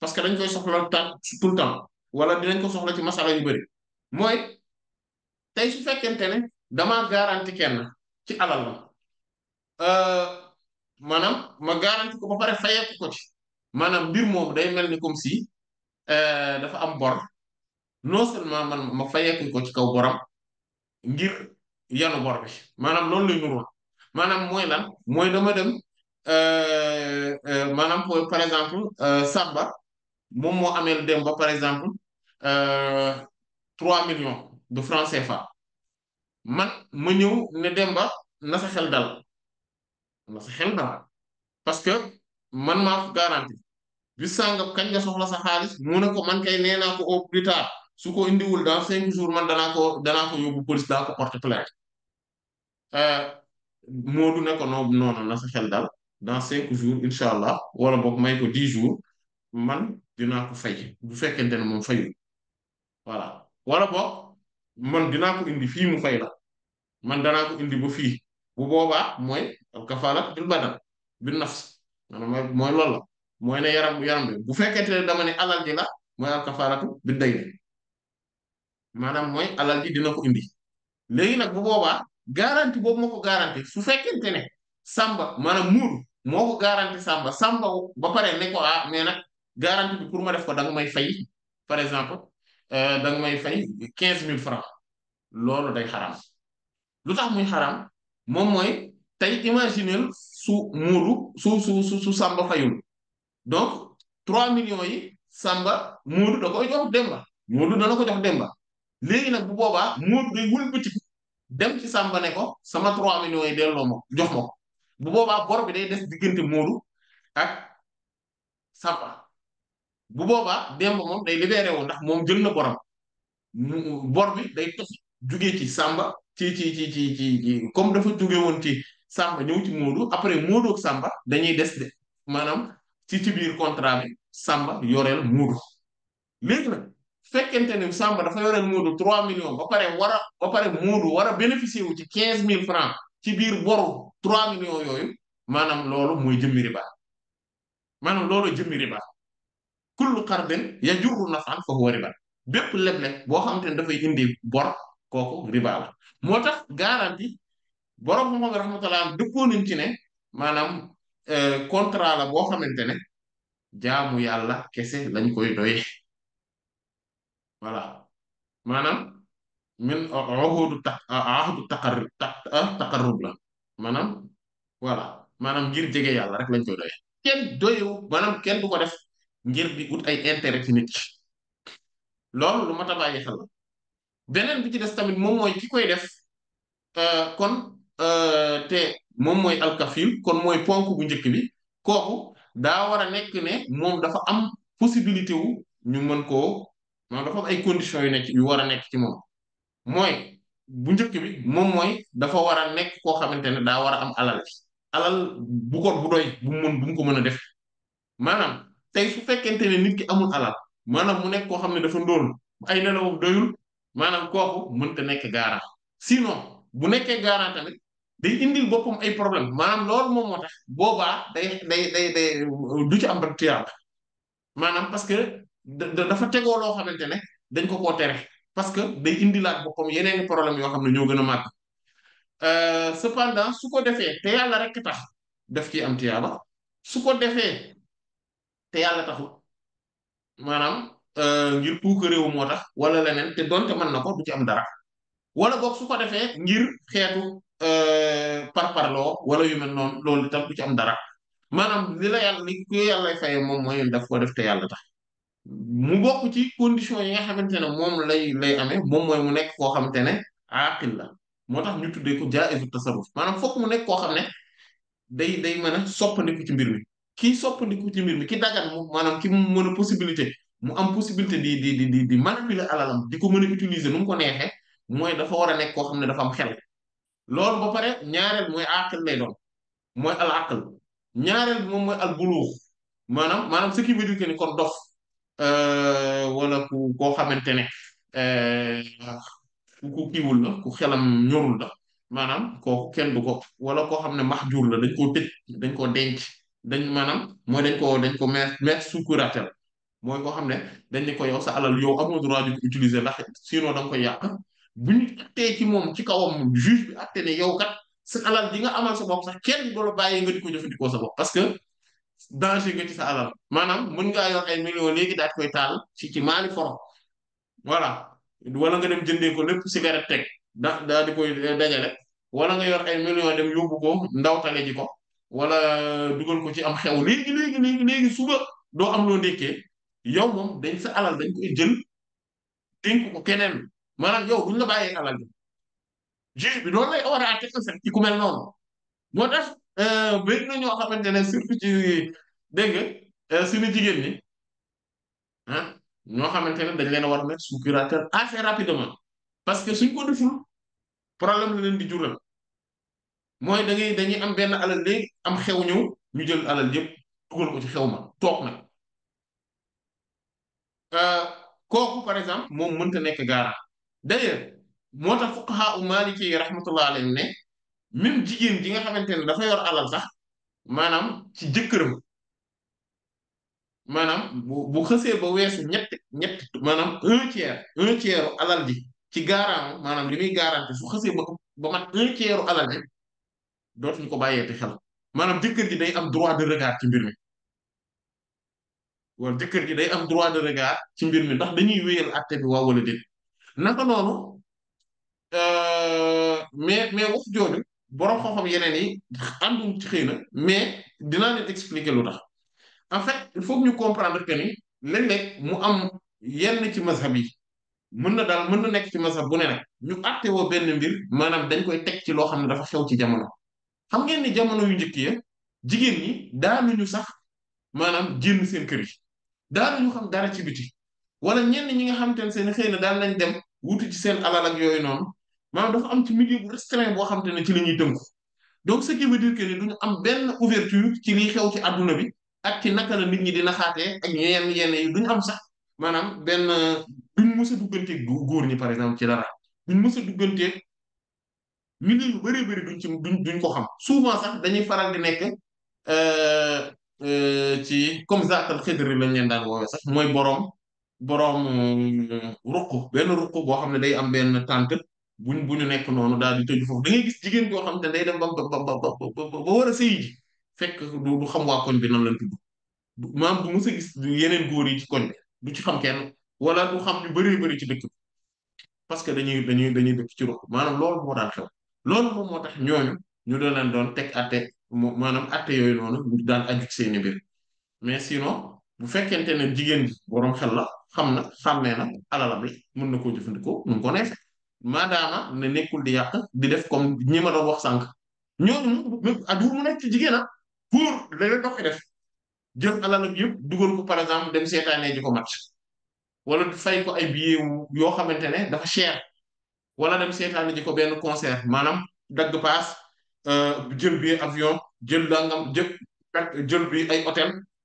parce que dañ koy soxla ta tout le temps wala dinañ ko soxla ci masala yu bëri mooy tey su fekkente ne damaa garantie kenn ci alal la euh, maanaam ma garantie ko ba pare fayeeku ko ci maanaam mbir moom day mel ni comme Euh, dafa am bor non seulement man ma fayeeku ko ci kaw boram ngir yanu bor bi maanaam loolu lay nuroon maanaam mooy lan mooy dama dem euh, euh, maanaam par exemple ba moom moo ameel Demba par exemple trois millions de francs CFA man ma ñëw ne Demba na xel dal na xel dal parce que man maa garanti bis sàngam kañ nga soxla sa xaalis mu ne ko man kay nee ko au plus su ko indiwul dans cinq jours man danaa ko danaa ko yóbbu police daa ko porter plainte euh, Moodu ne ko non non na sa daal dans cinq jours incha allah wala boog may ko dix jours man dinaa ko fay bu fekkente ne moom fayul voilà wala boog man dinaa ko indi fii mu fay la man danaa ko indi ba fii bu booba mooy al kafaala bil badan bin nafs maanaam mooy mooy ne yaram yaram bi bu fekkente ne dama ne alal ji la mooy al kafaaratu bi day bi maanaam mooy alal ji dina ko indi léegi nag bu boobaa garantie boobu moo ko garantie su fekkente ne samba maanaam muur moo ko garantie samba samba ba pare ne ko ah mais nag garantie bi pour ma def ko da may fay par exemple euh, da nga may fay quinze mille francs loolu day xaraam lu tax muy xaraam moom mooy tey imaginer su muuru su su su samba fayul donc trois millions yi Samba Moodu da koy jox Demba Moodu dana ko jox Demba léegi nag bu boobaa Moodu day wëlbati dem ci Samba ne ko sama trois millions yi delloo ma jox ma ko bu boobaa bor bi day des diggante Moodu ak Samba bu boobaa Demba moom day libéré wu ndax moom jël na boram bor bi day tos jugee ci sàmba ci ci ci ci ci comme dafa jugee woon ci Samba ñëw ci Moodu après Moodu ak dañuy des de maanaam. ci ci biir contrat bi Samba yoreel Moodu léegi nag fekkente ne Samba dafa yoreel Moodu trois millions ba pare war a ba pare Moodu war a bénéficier wu ci quinze mille francs ci biir boru trois millions yooyu maanaam loolu mooy jëmmi riba maanaam loolu jëmmi riba kullu qardin yajurru naf'an fa huwa riba bépp leble boo xamante ne dafay indi bor kooku riba moo tax garantie borom xam-xam rahmatullah nañ ci ne maanaam Euh, contrat la boo xamante ne jaamu yàlla kese lañ koy doye voilà maanaam min uhudu ta ahdu taqarrub taqarrub la maanaam voilà maanaam njir jege yàlla rek lañ koy doye kenn doyewu maanaam kenn du ko def njir di ut ay intérêt ci nit ki loolu lu la beneen bi ci des tamit moom ki koy def euh, kon euh, te moom mooy alkafil kon mooy ponk bu njëkk bi kooku daa war a nekk ne moom dafa am possibilité wu ñu mën koo moom dafa am conditions yu nekk yu war a nekk ci moom mooy bu njëkk bi moom mooy dafa war a nekk koo xamante ne daa war a am alal alal bu ko bu doy bu mën bu mu ko mën a def maanaam tey su fekkente ne nit ki amul alal maanaam mu nekk koo xam ne dafa ndóol ay nelawam doyul maanaam kooku mënta nekk garant sinon bu nekkee garant tamit day indil boppam ay problème maanaam loolu moom moo tax boobaa day day day day du ci am rek tuyaaba maanaam parce que dafa tegoo loo xamante ne dañ ko koo parce que day indilaat boppam yeneen problème yo xam ne ñoo gën a màgg euh, cependant su ko defee te yàlla rek tax daf ciy am tuyaaba su ko defee te yàlla taxu maanaam euh, ngir puuk réew mo tax wala leneen te donte mën na ko du ci am dara wala boog su ko defee ngir xeetu. Euh, parparloo wala yu mel noonu loolu itam du ci am dara maanam li la yàlla li ku yàlla fayee moom mooy daf ko def te yàlla tax mu bokk ci condition yi nga xamante ne moom lay lay amee moom nekk koo xamante ne aaqil la moo tax ñu tuddee ko jaa'izu tasarruf maanaam fokk mu koo xam ne day day mën a soppandiku ci mbir mi kii soppandiku ci mbir mi ki dagan mu maanaam ki mu mën a mu am possibilité di di di di manipuler alalam di ko mën a utiliser mu ko neexee mooy dafa war a nekk koo xam ne dafa am xel lool ba pare ñaareel mooy aqil lay doon mooy al aqil ñaareel moom mooy al buluux maanaam maanaam si qui veut dire que ni kon dof euh, wala ku koo xamante ne euh, ku kiiwul la ku xelam ñorul la maanaam ko kenn du ko wala koo xam ne maxjuur la dañ koo tëj dañ koo denc dañ maanaam mooy dañ ko dañ ko mettre mettre sous curatelle mooy koo xam ne dañ ne ko yow sa alal yow amoo droit di ko utiliser ndax sinon da koy yàq bu ñu tee ci moom ci kawam juge bi àtte ne yow kat sa alal di nga amal sa bopp sax kenn du la bàyyi nga di ko jëfandikoo sa bopp parce que danger nga ci sa alal maanaam mën ngaa yor ay millions léegi daat koy taal ci ci maali foro voilà wala nga dem jëndee ko lépp cigarette teg da daa di koy dajale wala nga yor ay millions dem yóbbu ko ndawtale ji ko wala euh, dugal ko ci am xew léegi léegi léegi léegi suba doo am loo ndekkee yow moom dañ sa alal dañ koy jël dénk keneen maanaam yow buñ la bàyyee alal ji bi noonu lay war a àtte ci ku mel noonu moo tax euh, bëri na ñoo xamante ne surtout ci dégg nga euh, suñu jigéen ñi ah ñoo xamante ne dañ leen a war a mettre sous curatelle rapidement parce que suñ ko deful problème la leen di jural mooy da ngay dañuy am benn alal léegi am xew ñëw ñu jël alal yëpp dugal ko xew ma toog na euh, kooku par exemple moom mënta nekk garant d'ailleurs moo tax fuqaha u maliki yi rahmatullah alayhim ne même jigéen ji nga xamante ne dafa yor alal sax maanaam ci jëkkëram maanaam bu bu xësee ba weesu ñett ñett maanaam un tiers un tiers alal ji ci gaaraamu maanaam li muy garanti su xësee ba ba mat un tiers alal ji dootuñu ko bàyyeeti xel maanaam jëkkër ji day am droit de regard ci mbir mi wala jëkkër ji day am droit de regard ci mbir mi ndax dañuy wéyal àtte bi waaw wala déet naka noonu euh, mais mais wax jooju boroom xam-xam yeneen yi àndul ci xëy na mais dinaa leen expliquer lu tax en fait il ñu comprendre que ni léeg mu am yenn ci mazhab yi mën na daal mën na nekk ci mazhab bu ne nag ñu àttewoo benn mbir maanaam dañ koy teg ci loo xam ne dafa xew ci jamono xam ngeen ni jamono yu njëkk ya jigéen daa nu ñu sax maanaam génn seen kër yi daanuñu xam dara ci biti wala ñenn ñi nga xamante ne seen xëy na daan nañ dem wuti seen alal ak yooyu noonu maanaam dafa am ci milieu bu restreint boo xamante ne ci la ñuy tënku donc ce qui veut dire que ni am benn ouverture ci liy xew ci adduna bi ak ci naka la nit ñi di naxaatee ak yenn yenn yi ñu am sax maanaam benn duñ mës a dugganteeg góor ñi par exemple ci dara duñ mës a dugganteeg milieu yu bëree bëri duñ ci duñ duñ ko xam souvent sax dañuy faral di nekk euh, euh, ci comme zaatal xëdri lañ leen daan woowee sax mooy boroom. boroom ruq benn ruq boo xam ne day am benn tànt buñ bu ñu nekk noonu daal di tëju foofu da gis jigéen boo xam ne day dem ba ba ba ba war a sëyi fekk du du xam waa koñ bi nan lañ tudd maam du mës a gis yeneen góor yi ci koñ bi du ci wala du xam ñu bëree bëri ci dëkk parce que dañuy dañuy dañuy dëkk ci ruq maanaam loolu moo daan xew loolu moom moo tax ñooñu ñu doon leen doon teg atte maanaam atte yooyu noonu daan aju seeni mbir mais sinon bu fekkente ne jigéen ji boroom xel la xam na xàmmee na alalam la mën na koo jëfandikoo nu mu ko neexee ne nekkul di yàq di def comme ñi ma doon wax sànq ñooñu ajur mu nekk ci jigéen a ah, pour léeg-léeg dox def jël alalam yëpp dugal ko par exemple dem seetaanee ji ko match wala fay ko ay billets yoo xamante ne dafa cher wala dem seetaanee ji ko benn concert maanaam dagg paas euh, jël bi avion jël dangam jël jël bi ay hôtel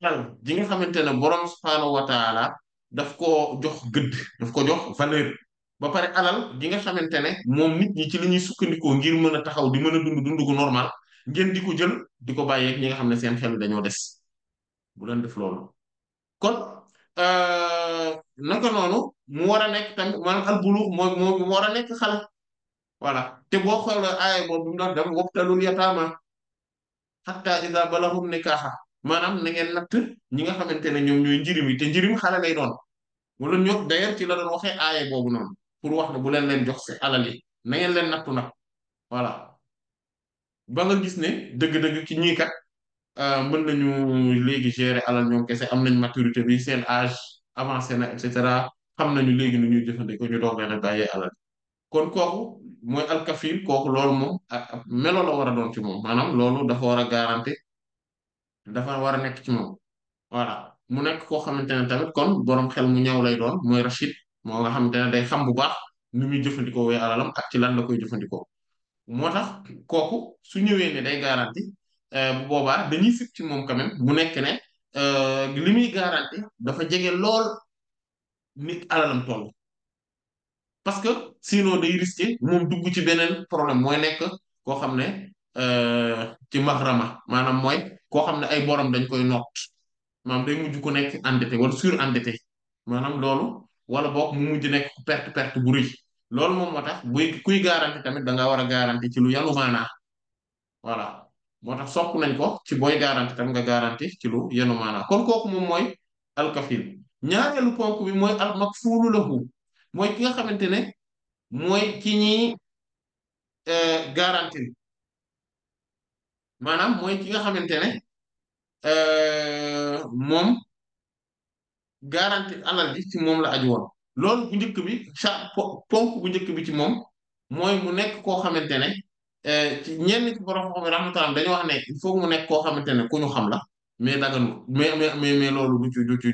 xel ji nga xamantene borom subhanahu wa taala daf ko jox gëdd daf ko jox valeur ba pare alal ji nga xamantene mom nit ñi ci li ñuy ngir mëna taxaw di mëna dund dundu normal ngeen diko jël diko ko bàyyeeg ñi nga xamne seen xel dañoo des bu leen def loolu kon euh, naka nonu mu wara nek nekk man al bulu mo mo wara nek xala wala, te bo xol ay bo bu doon dem wabtalul hatta xatta iza balaghu maanaam na ngeen natt ñi nga xamante ne ñoom ñooy njirim yi te njirim xale lay doon wala ñoo d'ailleurs ci la doon waxee aaye boobu noon pour wax ne bu leen leen jox si alal yi na ngeen leen nattu nag voilà ba nga gis ne dëgg-dëgg ki ñii kat euh, mën nañu léegi gérer alal ñoom kese am nañ maturité bi seen age avancé na et cetera xam ñu léegi nu ñuy jëfandikoo ñu doog leen a bàyyee alal kon kooku mooy alkafil kooku loolu moom melo la war a doon ci moom maanaam loolu dafa war a garanti dafa war nek ci mom voilà mu nek ko xamantene tamit kon borom xel mu ñaw lay doon moy rashid mo nga xamantene day xam bu baax nu muy jëfëndiko way alalam ak ci lan la koy jëfëndiko motax koku su ñëwé ne day euh bu boba dañuy fit ci mom quand même mu nekk ne euh, li muy garanti dafa jégué lool nit alalam toll parce que sinon day risquer mom dugg ci benen problème moy nek ko xamne euh ci maxrama maanaam mooy koo xam ne ay borom dañ koy noot maanaam day mujj ku nekk endetté wala sur endetté maanaam loolu wala boog mu mujj nekk perte perte bu loolu moom moo tax buy kuy garanti tamit danga nga war a garanti ci lu yanu maanaa voilà moo tax sopp nañ ko ci booy garanti tam nga garanti ci lu yanu maanaa kon kooku moom mooy alkafil ñaareelu ponk bi mooy al makfuulu lahu ki nga xamante ne mooy ki ñi euh, garanti maanaam mooy ki nga xamante ne euh, moom garanti alal bi ci moom la aju woon loolu bu njëkk bi sa ponk bu njëkk bi ci moom mooy mu nekk koo xamante ne euh, ci ñenn ci borom xam rahmatullah dañu wax ne il mu nekk koo xamante ne ku ñu xam la mais daganu mais mais mais loolu du ci du ci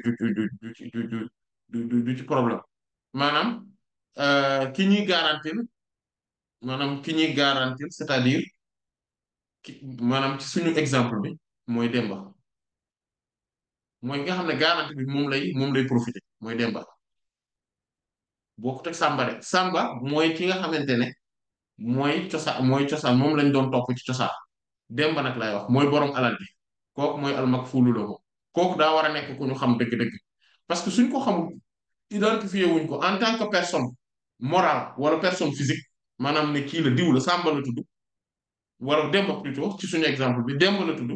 du problème maanaam ki ñuy garantil maanaam ki ñuy garantil c'est-à-dire. maanaam ci suñu exemple bi mooy Demba mooy nga xam ne garanti bi moom lay moom lay profité mooy Demba bokkut ak Samba rek sàmba mooy ki nga xamante ne mooy cosaan mooy cosaan moom lañ doon topp ci cosaan Demba nag laay wax mooy borom alal bi kooku mooy al-makfuulu lahu kooku daa war a nekk ku ñu xam dëgg-dëgg parce que suñ ko xamul identifié wuñ ko en tant que personne morale wala personne physique maanaam ne kii la diw la Samba la wala démb plutôt ci suñu exemple bi démb la tudd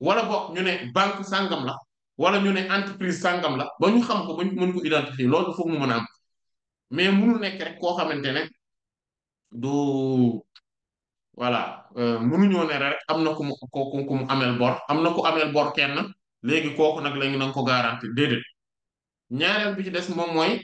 wala bo ñu ne banque sangam la wala ñu ne entreprise sangam la ba ñu xam ko ba ñu mën ko identifier loolu foog mu mën a am mais mënul nekk rek koo xamante ne du voilà euh, mënuñoo ne rek am na ku mu ku ku mu ameel bor am na ku ameel bor kenn léegi kooku nag léegi nan nga ko garanti déedéet ñaareel bi ci des moom mooy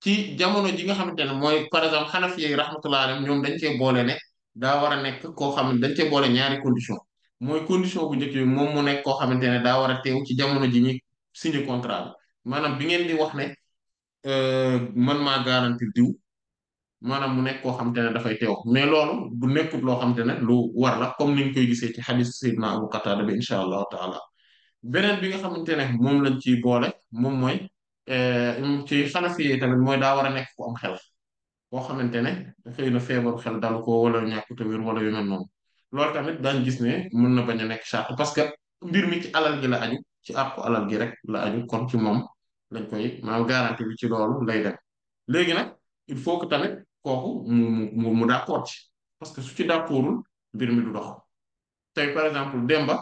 ci jamono ji nga xamante ne mooy par exemple xanafi yi rahmatullahi alayhim ñoom dañ cee boole ne. daa war a nekk koo xam ne dañ cee boole ñaari condition mooy condition bu njëkk bi moom mu nekk koo xamante ne daa war a teew ci jamono ji ñuy signé contrat bi maanaam bi ngeen di wax ne euh, man maa garantir diw maanaam mu nekk koo xamante ne dafay teew mais loolu bu nekkut loo xamante ne lu war la comme niñ koy gisee ci xadisu Seydina Abu Qatada bi incha allahu taala beneen bi nga xamante ne moom lañ ciy boole moom mooy euh, ci xanafi yi tamit mooy daa war a nekk ko am xel boo xamante ne xëy na feebaru xel dalu ko wala ñàkkute wér wala yu mel noonu loolu tamit daañ gis ne mën na bañ a nekk charte parce que mbir mi ci alal gi la aju ci àqu alal gi rek la aju moom lañ koy maanaam ci loolu lay dem léegi nag il faut que tamit kooku mu mu mu d'accord ci parce que su ci d'accordul mbir mi du dox tey par exemple Demba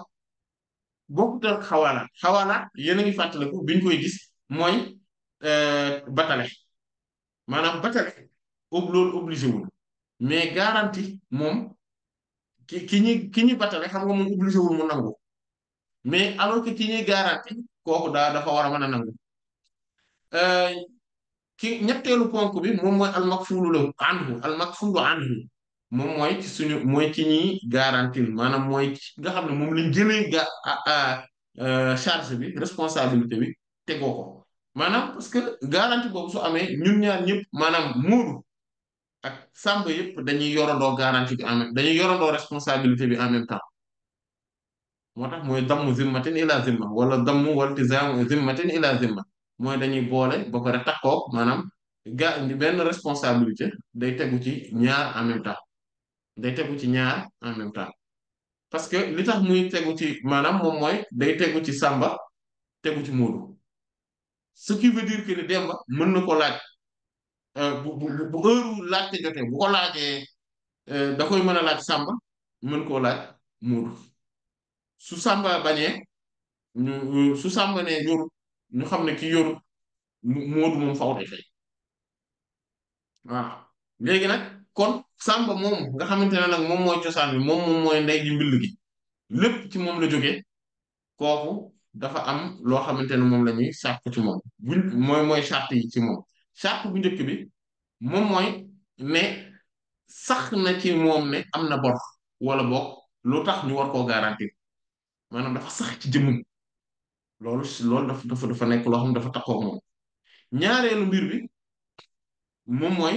bokkut ak xawaanaat xawaanaat yéen a ngi fàttaliku biñ koy gis mooy euh, batale maanaam batale ob loolu obligé wul mais garantie moom ki ki ñuy ki ñuy batale xam nga moom obligé wul mu nangu mais alors que ki ñuy garantie kooku daa dafa war a mën a nangu euh, ki ñetteelu ponk bi moom mooy almakfuulu la anhu almakfuulu anhu moom mooy su suñu mooy ki ñuy garantil maanaam mooy nga xam ne moom lañ jëlee ga a euh, charge bi responsabilité bi tegoo ko maanaam parce que boobu su amee ñun ñaar ñëpp maanaam muuru ak sàmm yëpp dañuy yorandoo garantie bi en même dañuy yorandoo responsabilité bi en même temps moo tax mooy dammu zimmatin ila zimma wala dammu waltizaamu zimmatin ila zimma mooy dañuy boole ba pare takkoo maanaam ga benn responsabilité day tegu ci ñaar en même temps day ci ñaar en parce que li tax muy tegu ci maanaam moom mooy day tegu ci Samba tegu ci Moodu ce qui veut dire que ni Demba mën na ko laaj Euh, bu bu bu heure laajte jotee bu ko laajee euh, da koy mën a laaj Samba mën koo laaj Moodu su sàmba bañee su Samba euh, ne yoru ñu xam ne ki yoru Moodu moom faaw day fay waaw léegi nag kon Samba moom nga xamante ne nag moom mooy cosaan bi moom moom mooy ndey mbill gi lépp ci moom la jóge kooku dafa am loo xamante ne moom la ñuy sàkk ci moom mooy mooy charte yi ci moom sàrt bu njëkk bi moom mooy ne sax na ci moom ne am na bor wala boog lu tax ñu war koo garantir maanaam dafa sax ci jëmmum loolu loolu dafa dafa nekk loo xam dafa taxoo moom ñaareelu mbir bi moom mooy.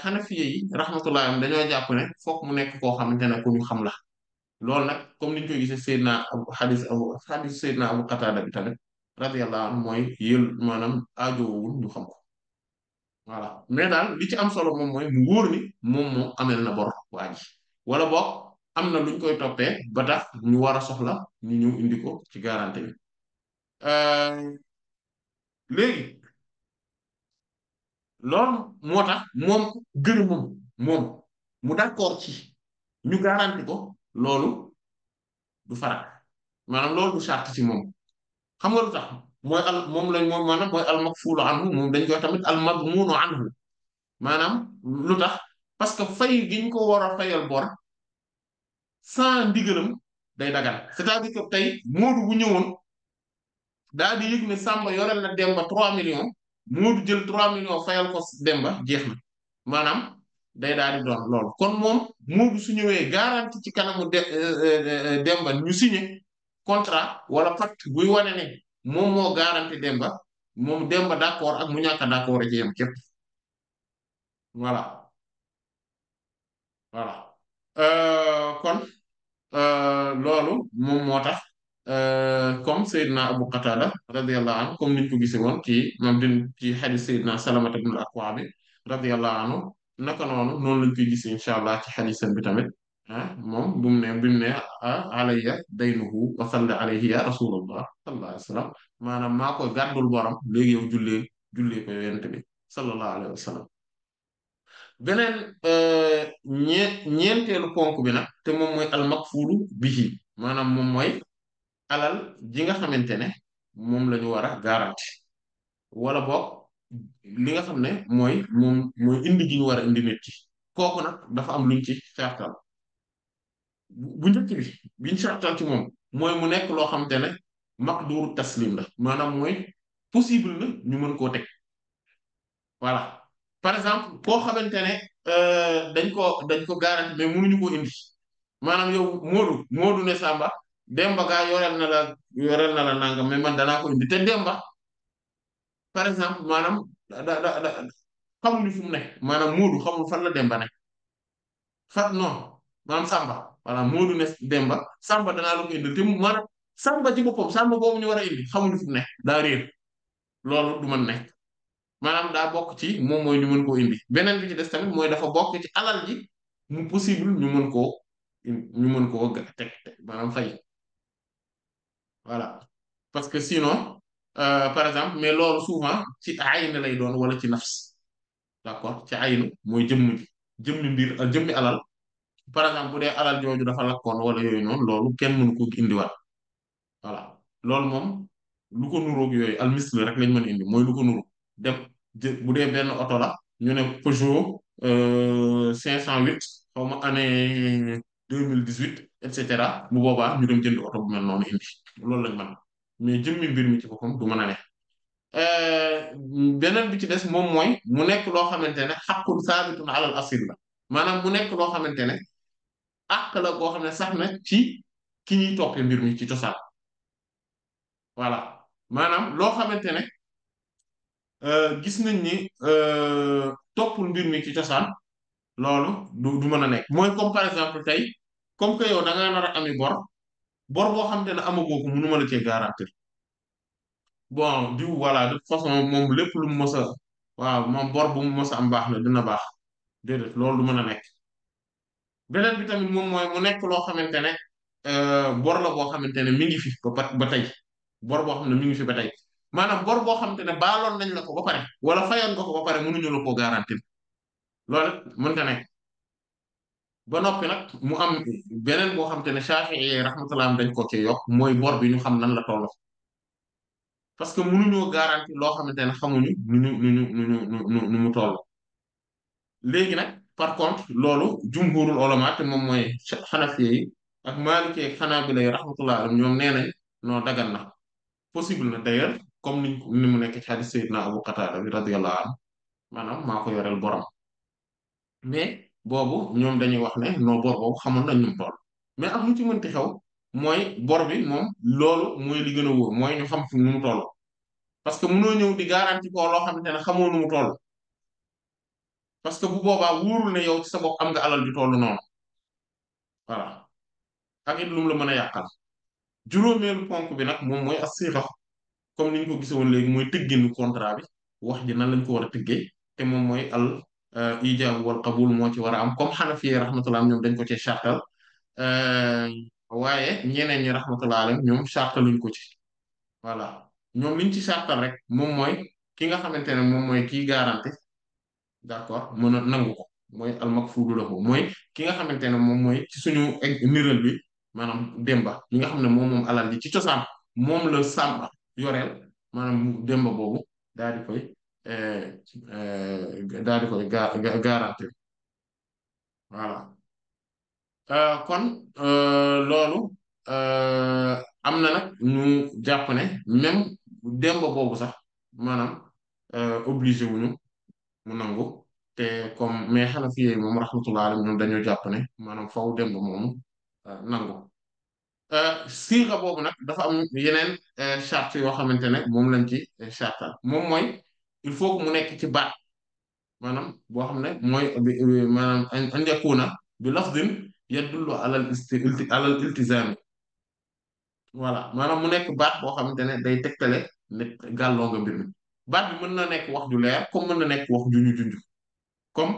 xanafiye euh, yi rahmatullahi am dañoo jàpp ne foog mu nekk koo xam ne ku ñu xam la loolu nag comme niñ koy gisee Seydina Abu xadis Abu xadis Seydina Abu Qatada bi tamit radiyallahu anhu yel manam aju aajowul ñu xam ko wala mais dal li ci am solo mom moy mu woor ni mom mo amel na bor waaji wala bok am luñ koy topé ba tax ñu wara soxla ñu ñu indi ko ci garantie bi euh, léegi loolu moo tax moom gër mom mu d'accord ci ñu garantie ko loolu du farak manam loolu du charte ci mom xam nga lu tax al moom lañ moom maanaam mooy al makfuulu anhu moom dañ koy tamit al madmuunu anhu maanaam lu tax parce que fay giñ ko war fayal bor sans ndigalam day dagal c'est-à-dire que tey Moodu bu ñëwoon daa di yëg ne Samba yorel na Demba 3 millions Moodu jël 3 millions fayal ko Demba jeex na day daal di doon loolu kon moom Moodu su ñëwee garanti ci kanamu euh, euh, euh, Demba ñu signé. contrat wala pacte buy wane ne moom moo garanti Demba moom Demba d'accord ak mu ñàkk a d'accord ci yam képp voilà voilà euh, kon euh, loolu moom moo tax euh, comme Seydina Abu Qatada radiyallahu anhu comme niñ ko gisee woon ci moom din ci xadis Seydina Salamata ibn al-Akwa bi radiyallahu anhu naka noonu noonu lañ koy gisee incha allah ci xadisam bi tamit. ah moom bu mu ne bu mu ne ah alayya daynuhu wa salli alayhi rasulallah sallallahu alayhi wa sallam maanaam maa koy gàddul borom léegi yow jullee jullee ko yonent bi sallallahu alayhi wa sallam beneen euh, ñee ñeenteelu ponk bi nag te moom mooy almakfuulu bihi maanaam moom mooy alal ji nga xamante ne moom lañu ñu war a garanti wala boog li nga xam ne mooy moom mooy indi gi ñu war a indi nit ki kooku dafa am luñ ci xeextal bu njëkk bi biñ sartal ci moom mooy mu nekk loo xamante ne maqduru taslim la maanaam mooy possible na ñu mën koo teg voilà par exemple koo xamante ne euh, dañ ko dañ ko garanti mais mënuñu ko indi maanaam yow Moodu Moodu ne Samba Demba gaa yoreel na la yoreel na la nangam mais man danaa ko indi te Demba par exemple maanaam da da da xamuñu fu mu nekk maanaam Moodu xamul fan la Demba nekk fat no maanaam Samba. voilà Modou Nes Demba Samba dangaa la ko indi te mu Samba ci bopom Samba boobu ñu wara a indi xamuñu fu mu ne daa réer loolu du mën nekk maanaam daa bokk ci moom moy ñu mën ko indi benen bi ci dess tamit moy dafa bok ci alal ji mu possible ñu mën ko ñu mën ko tek teg maanaam fay wala parce que sinon euh, par exemple mais lolu souvent ci ayne lay doon wala ci nafs d'accord ci ayinu mooy jëm ji jëmmi mbir jëmmi alal. par exemple bu dee alal jooju dafa lakkoon wala yooyu noonu loolu ken mënu ko indiwaat voilà loolu moom lu ko nuroog yooyu almisli rek lañ mën a indi mooy lu ko nuroog dem bu dee benn oto la ñu ne Peugeot 508 euh, xaw ma année 2018 et cetera bu boobaa ñu dem jënd oto bu mel noonu indi loolu lañ mën mais jëmmi mbir mi ci boppam du mën a ne. Euh, beneen bi ci des moom mooy mu nekk loo xamante ne xaqun saabitun alal asil la maanaam mu nekk loo xamante ne. àq la xam ne sax na mm-hmm. ci ki ñuy toppee mbir mi ci cosaan voilà maanaam loo xamante ne euh, gis nañ ni euh, toppul mbir mi ci cosaan loolu du du mën a nekk mooy comme par exemple tey comme que yow da nga nar a ami bor bor boo xamante ne amagoo ko mënuma la cee garantir bon diw voilà de façon moom lépp lu mu mës a waaw moom bor a am baax na dina baax déedéet loolu du mën a nekk beneen bi tamit moom mooy mu nekk loo xamante ne euh, bor la boo xamante ne mi ngi fi ba ba tey bor boo xam ne mi ngi fi ba tey maanaam bor boo xamante ne baaloon nañ la ko ba pare wala fayoon nga ko ba pare mënuñu la koo garantir loolu mënta nekk ba noppi nag mu am beneen boo xamante ne Shafi'i rahmatullah dañ ko ci yokk mooy bor bi ñu xam nan la toll parce que mënuñoo garantir loo xamante ne xamuñu nu ñu nu ñu nu ñu nu mu toll léegi nag. par contre loolu jumhurul ulama te moom mooy xanafiye yi ak maalikee ak xanaabila yi rahmatullah alayhim ñoom nee nañ noo dagan na possible na d'ailleurs comme niñ ni mu nekk ci xadis Seydina Abu Qatada bi radiyallahu am maanaam maa ko yoreel borom mais boobu ñoom dañuy wax ne no bor boobu xamoon nañ ñu toll mais ak mu ci mënti xew mooy bor bi moom loolu mooy li gën mooy ñu xam fi nu mu toll parce que mënoo ñëw di garanti ko loo xamante ne xamoo nu mu toll parce que bu boobaa wóorul ne yow ci am nga alal di tollu noonu voilà ak it lum la mën a juróom juróomeelu ponk bi nag moom mooy as-siqa comme ni ñu ko gisoon léegi mooy nu contrat bi wax ji nan lañ ko war a tëggee te moom mooy al euh, ijaab wal qabul moo ci war a am comme Hanafi rahmatullah ñoom dañ ko cee chartal euh, waaye ñeneen ñi rahmatullah alayhim ñoom chartaluñ ko ci voilà ñoom liñ ci chartal rek moom mooy ki nga xamante ne moom mooy kii garanti d'accord mën a nangu ko mooy almakfuulu lahu mooy ki nga xamante ne moom mooy ci suñu niral bi maanaam Demba mi nga xam ne moom moom alal ji ci cosaan moom la Samba yoreel maanaam Demba boobu daal di koy eh, eh, daal di ga garantir voilà euh, kon euh, loolu euh, am na nag ñu jàpp ne même Demba boobu sax maanaam obligé wuñu mu nangu te comme mais xanafi yi moom rahmatullahi alayhim ñoom dañoo jàpp ne maanaam faw dem ba moomu euh, nangu euh, siixa boobu nag dafa am yeneen euh, charte yoo xamante ne moom lañ ci chartal moom mooy il faut mu nekk ci baat maanaam boo xam ne mooy maanaam an yakuna bi lafdin yadullu alal alal iltizami voilà maanaam mu nekk baat boo xamante ne day tegtale ne gàlloo nga mbir mi baat bi mën na nekk wax ju leer comme mën na nekk wax juñu juñu comme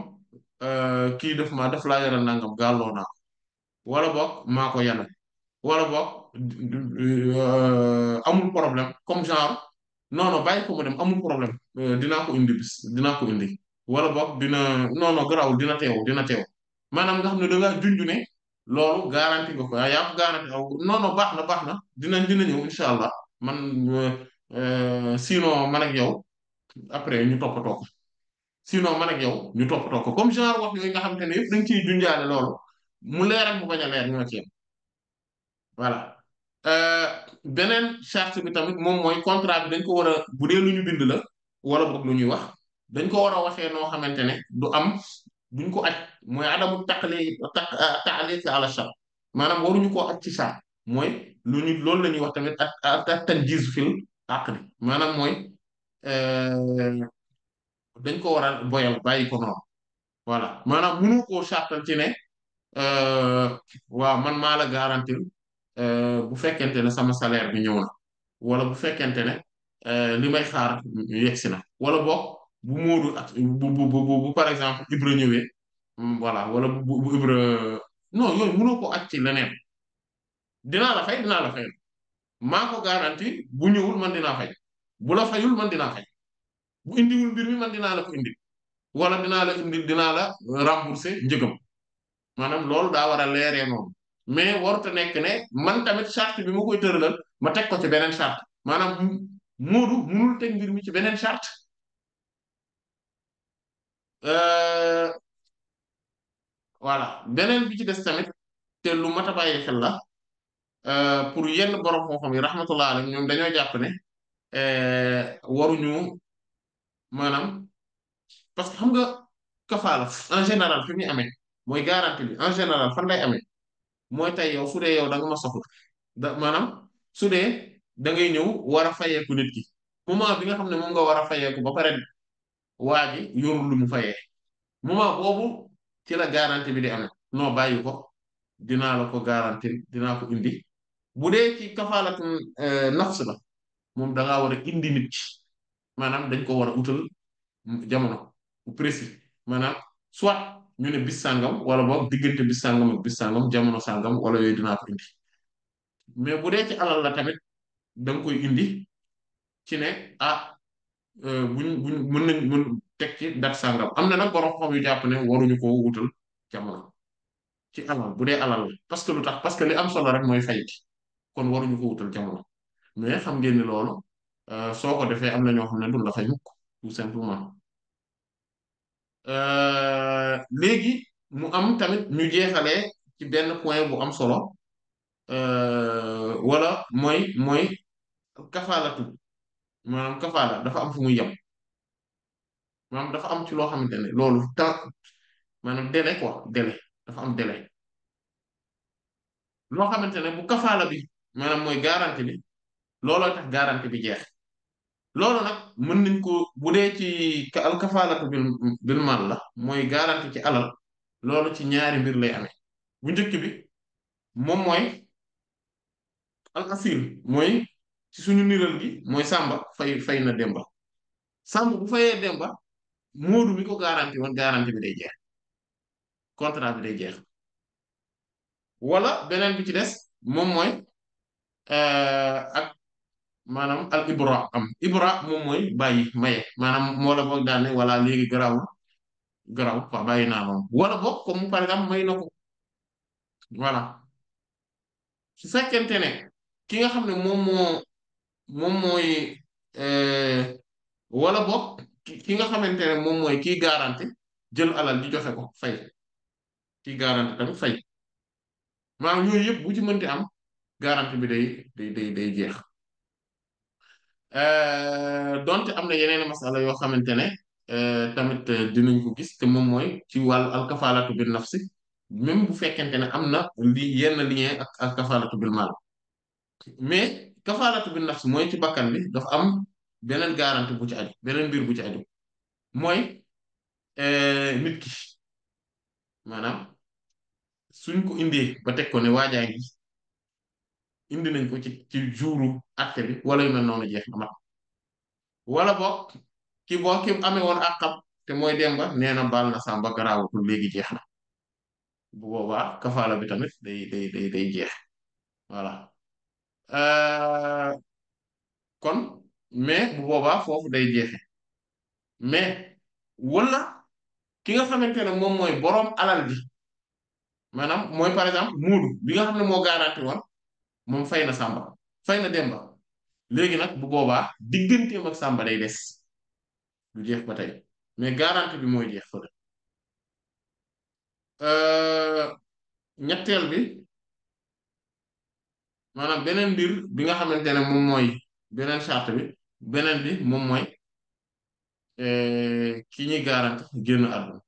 euh, kii def ma daf laa yara nangam gàlloo naa ko wala boog maa ko yana wala boog euh, amul problème comme genre non non bàyyi ko mu dem amul problème euh, dinaa ko indi bis dinaa ko indi wala bok dina non non garaawul dina teew dina teew maanaam nga xam ne da ngaa junj ne loolu garanti nga ko yaa ko garanti aw non non baax na baax na dinañ dina ñëw incha allah man Euh, sinon man ak après ñu toppatoo ko sinon man ak yow ñu toppatoo ko comme genre wax yooyu nga xam te ne yëpp dañ ciy junjaale loolu mu leer ak mu bañ leer ñoo ci voilà euh, beneen charte bi tamit moom mooy contrat bi dañ ko war a bu lu ñu bind la wala boog lu ñuy wax dañ ko war a waxee noo xamante ne du am buñ ko aj mooy adamu taqli euh, ta'liq ala shart maanaam waruñu ko aj ci shart mooy lu ñu loolu la ñuy wax tamit at at tanjiz àqli maanaam mooy euh, dañ ko war a boyal bàyyi ko noonu voilà maanaam mënu koo sàttal ci ne euh, waaw man maa la garantir euh, bu fekkente ne sama salaire bi ñëw na wala bu fekkente ne li may xaar yegsi na wala boog bu Moodu ak bu bu bu par exemple Ibra ñëwee mm, voilà wala bu Ibra non yooyu mënoo ko ak ci leneen dinaa la fay dinaa la fay. maa ko garanti bu ñëwul man dinaa fay bula la fayul man dinaa fay bu indiwul mbir mi man dinaa la ko indil wala dinaa la indil dinaa la rembourser njëgam maanaam loolu daa war a leeree noonu mais warut a nekk ne man tamit charte bi ma koy tëralal ma teg ko ci beneen charte maanaam Moodu munul teg mbir mi ci beneen charte euh, voilà beneen bi ci des tamit te lu mat a bàyyi xel la. Euh, pour yenn borom xam a yi rahmatullah alayhim ñoom dañoo jàpp ne euh, waruñu maanaam parce que xam nga kafaala en général fi muy amee mooy garanti bi en général fan lay amee mooy tey yow su dee yow da nga ma soxla da maanaam su dee da ngay ñëw war a fayeeku nit ki moment bi nga xam ne moom nga war a fayeeku ba pare waa ji yorul lu mu fayee moment boobu ci la garantie bi di amee no bàyyi ko dinaa la ko garantie dinaa ko indi. bu dee ci kafaalat euh, nafs la moom da ngaa war a indi nit ci maanaam dañ ko war a utal jamono bu précis maanaam soit ñu ne bis sàngam wala boog diggante bis sàngam ak bis sàngam jamono sàngam wala yooyu dinaa ko indi mais bu dee ci alal la tamit da nga koy indi ci ne ah euh, bu buñ mën nañ mën teg ci dat sàngam am na nag borom xam yu jàpp ne waruñu ko wutal jamono ci alal bu dee alal la parce lu tax parce que li am solo rek mooy fay kon waruñu ko wutal jamono mais xam ngeen ni loolu euh, soo ko defee am na ñoo xam ne du la fay mukk tout simplement euh, léegi mu am tamit ñu jeexalee ci benn point bu am solo euh, wala mooy mooy kafaalatu maanaam kafaala dafa am fu muy yem maanaam dafa am ci loo xamante ne loolu temps maanaam délai quoi délai dafa am délai loo xamante ne bu kafaala bi manam moy garantie bi lolo tax garantie bi jeex lolo nak mën nañ ko budé ci al kafalatu bil bil mal la moy garantie ci alal lolo ci ñaari mbir lay amé bu ñëkk bi mom moy al asil moy ci suñu niral gi moy samba fay fay na demba samba bu fayé demba moodu mi ko garanti won garanti bi day jeex contrat bi day jeex wala benen bi ci des mom moy Eh, ak maanaam al ibra am ibra moom mooy bàyyi maye maanaam moo la boog daal ne wala léegi garaawul garaawul quoi bàyyi naa moom wala boog comme par exemple may na ko voilà su fekkente ne ki nga xam ne moom moo moom mooy eh, wala boog ki nga xamante ne moom mooy kii garanti jël alal di joxe ko fay kii garanti tamit fay maanaam yooyu yëpp bu ci am. garantie bi day day day day jeex euh, donte am na yeneen masala yoo xamante ne euh, tamit euh, dinañ ko gis te moom mooy ci wàllu alkafalatu bil nafsi même bu fekkente ne am na li yenn lien ak ak kafalatu bil mal mais kafalatu bil nafsi mooy ci bakkan bi dafa am beneen garantie bu ci aju beneen mbir bu ci aju mooy nit ki maanaam suñ ko indee ba teg ko ne waajaa ngi indi nañ ko ci ci juuru acte bi wala yu mel noonu jeex na mat wala boog ki boo ki amee woon àqam te mooy Demba nee na baal na Samba garaawatul léegi jeex na bu boobaa kafaala bi tamit day day day day jeex voilà euh, kon mais bu boobaa foofu day jeexe mais wala ki nga xamante ne moom mooy boroom alal bi maanaam mooy par exemple muudu bi nga xam ne moo garanti woon moom fay na Samba fay na Demba léegi nag bu boobaa digganteem ak Samba day des du jeex ba tey mais garantie bi mooy jeex fële euh, ñetteel bi maanaam beneen mbir bi nga xamante ne moom mooy beneen charte bi beneen bi moom mooy euh, ki ñuy garanti génn àdduna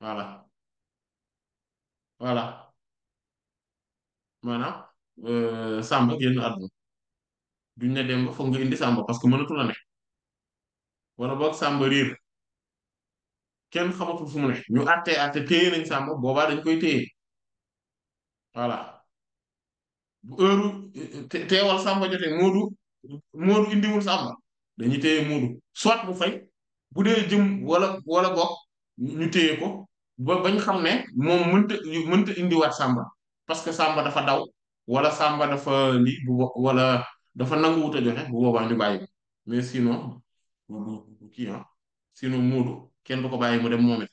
voilà voilà. maanaam euh, Samba génn àdduna duñ ne Demba foog nga indi Samba parce que mënatu la ne wala boog Samba riir kenn xamatul fu ne ñu àttee àtte téye nañ Samba boobaa dañ koy téye voilà bu heure teewal Samba jotee Moodu Moodu indiwul Samba dañuy téye Moodu soit bu fay bu dee jëm wala wala boog ñu téye ko ba bañ xam ne moom mënta mënta indiwaat Samba. parce que Samba dafa daw wala Samba dafa lii bu wala dafa nangu wut joxe bu boobaa ñu bàyyi mais sinon bu kii ah sinon Moodu kenn du ko bàyyi mu dem moom it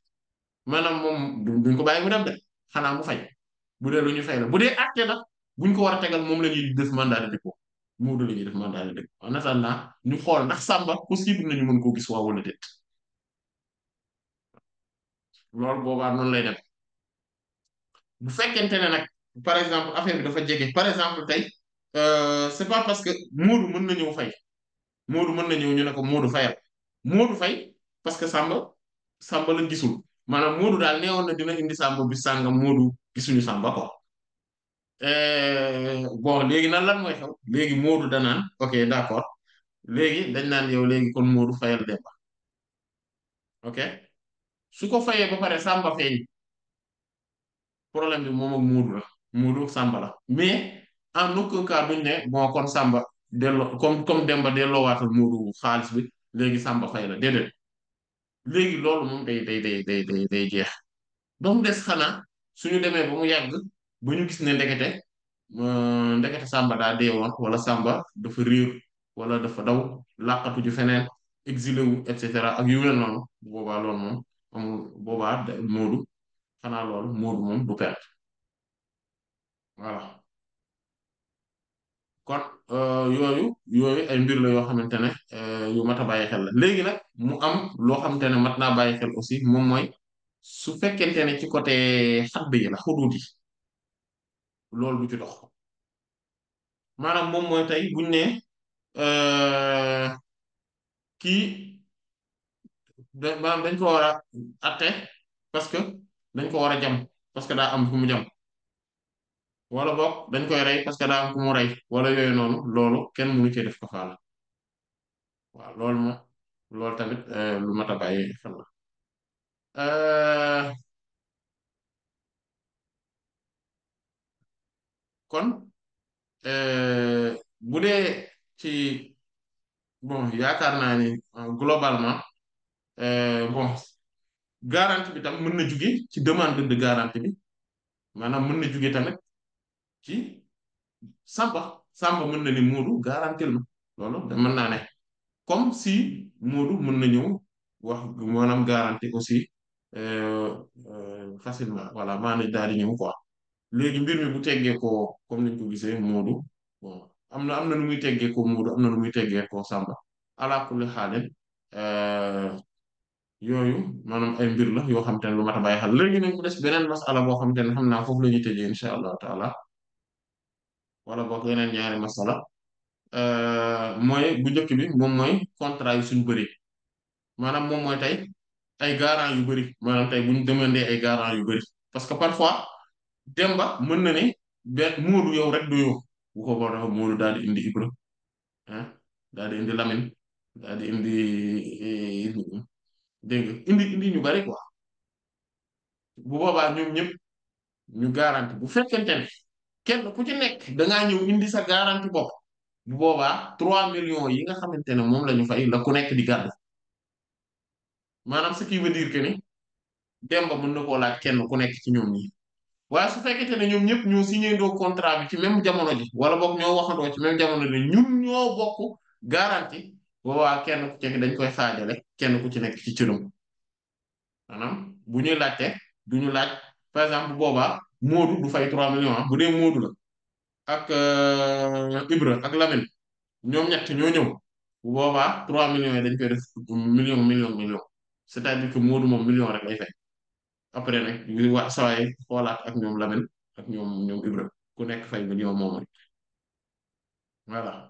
maanaam moom duñ ko bàyyi mu dem de xanaa mu fay bu dee lu ñu fay la bu dee àtte nag buñ ko war a tegal moom la ñuy def mandat de dépôt Moodu la ñuy def mandat de dépôt en attendant ñu xool ndax Samba possible nañu mën koo gis waa wala loolu boobaa noonu lay dem bu fekkente ne nag. par exemple affaire bi dafa jégué par exemple euh c'est pas parce que modou mën nañu fay modou mën nañu ñu nako modou Moodu fayal Moodu fay parce que Samba Samba la gisul manam modou dal néwon na dina indi Samba bi sàngam modou gisunu Samba ko euh, bon légui nan lan moy xew modou da nan ok d'accord légui dañ nan yow légui kon modou fayal Demba ok suko fayé ba paré Samba feeñ problème bi mom ak modou la. Moodu Samba la mais en aucun cas duñ ne bon kon sàmba delloo comme comme Demba delloowaata Moodu xaalis bi léegi Samba fay la déedéet léegi loolu moom day day day day jeex ba mu des xanaa suñu demee ba mu yàgg ba ñu gis ne ndekete euh, ndekete sàmba daa dee woon wala sàmba dafa réer wala dafa daw làqatu ju feneen exilé wu et cetera ak yu mel noonu boobaa loolu moom boobaa Moodu xanaa loolu Moodu moom du perte. voilà kon euh, yooyu yooyu ay mbir la yoo xamante ne euh, yu mat a bàyyi xel la léegi nag mu am loo xamante ne mat naa bàyyi xel aussi moom mooy su fekkente ne ci côté xadd yi la xuduut yi loolu du ci dox maanaam moom mooy tey buñ ne euh, kii dañ ko war a atte parce que dañ ko war a jam parce que daa am fu mu jam wala boog dañ koy rey parce que daa ku mu rey wala yooyu noonu loolu kenn mënu cee def kafaala waaw loolu moom loolu tamit euh, lu mat a la euh, kon euh, bu dee ci bon yaakaar naa ni globalement bon garantie bi tam mën na jóge ci demande de garantie bi maanaam mën na jóge tamit ci Samba Samba mën na ni Moodu garantil ma loolu da mën naa ne comme si Moodu mën na ñëw wax maanaam garanti aussi euh, euh, facilement voilà maanaam daal di ñëw quoi léegi mbir mi bu teggee ko comme niñ ko gisee Moodu bon am na am na nu muy teggee ko Moodu am na nu muy teggee ko Samba ala kulli xaalin euh, yooyu maanaam ay mbir la yoo xam te ne lu mat a bàyyi xel léegi nañ ko des beneen xam te ne xam naa foofu la ñuy tëjee incha allah taala wala boo ko yeneen ñaari masala euh, mooy bu njëkk bi moom mooy contrat yi suñu bëri maanaam moom mooy tey ay garant yu bëri maanaam tey bu ñu demandé ay garant yu bëri parce que parfois Demba mën na ni benn Moodu yow rek du yow bu ko boo dafa Moodu daal di indi Ibra ah daal di indi Lamine daal di indi eh, indi ñu bëri quoi bu boobaa ñoom ñëpp ñu garanti bu fekkente kenn ku ci nekk dangaa ñëw indi sa garantie bopp bu boobaa trois millions yi nga xamante ne moom la ñu fay la ku nekk di gàddu maanaam sa qui veut ni Demba mën na koo kenn ku nekk ci ñoom ñi waaye su fekkente ne ñoom ñëpp ñoo signé doo contrat bi ci même jamono ji wala boog ñoo waxandoo ci même jamono ji ñun ñoo bokk garantie boobaa kenn ku ci dañ koy xaajale kenn ku ci nekk ci cëram maanaam bu ñuy laajte du ñu laaj par exemple boobaa. Moodu du fay 3 millions ah bu ak euh, Ibra ak Lamine ñoom ñett ñoo ñëw bu boobaa 3 millions yi dañ koy def million million million c'est-à-dire que Moodu moom million rek lay fay après nag ñu wax saa yi ak ñoom Lamine ak ñoom ñoom ku nekk fay million moom rek voilà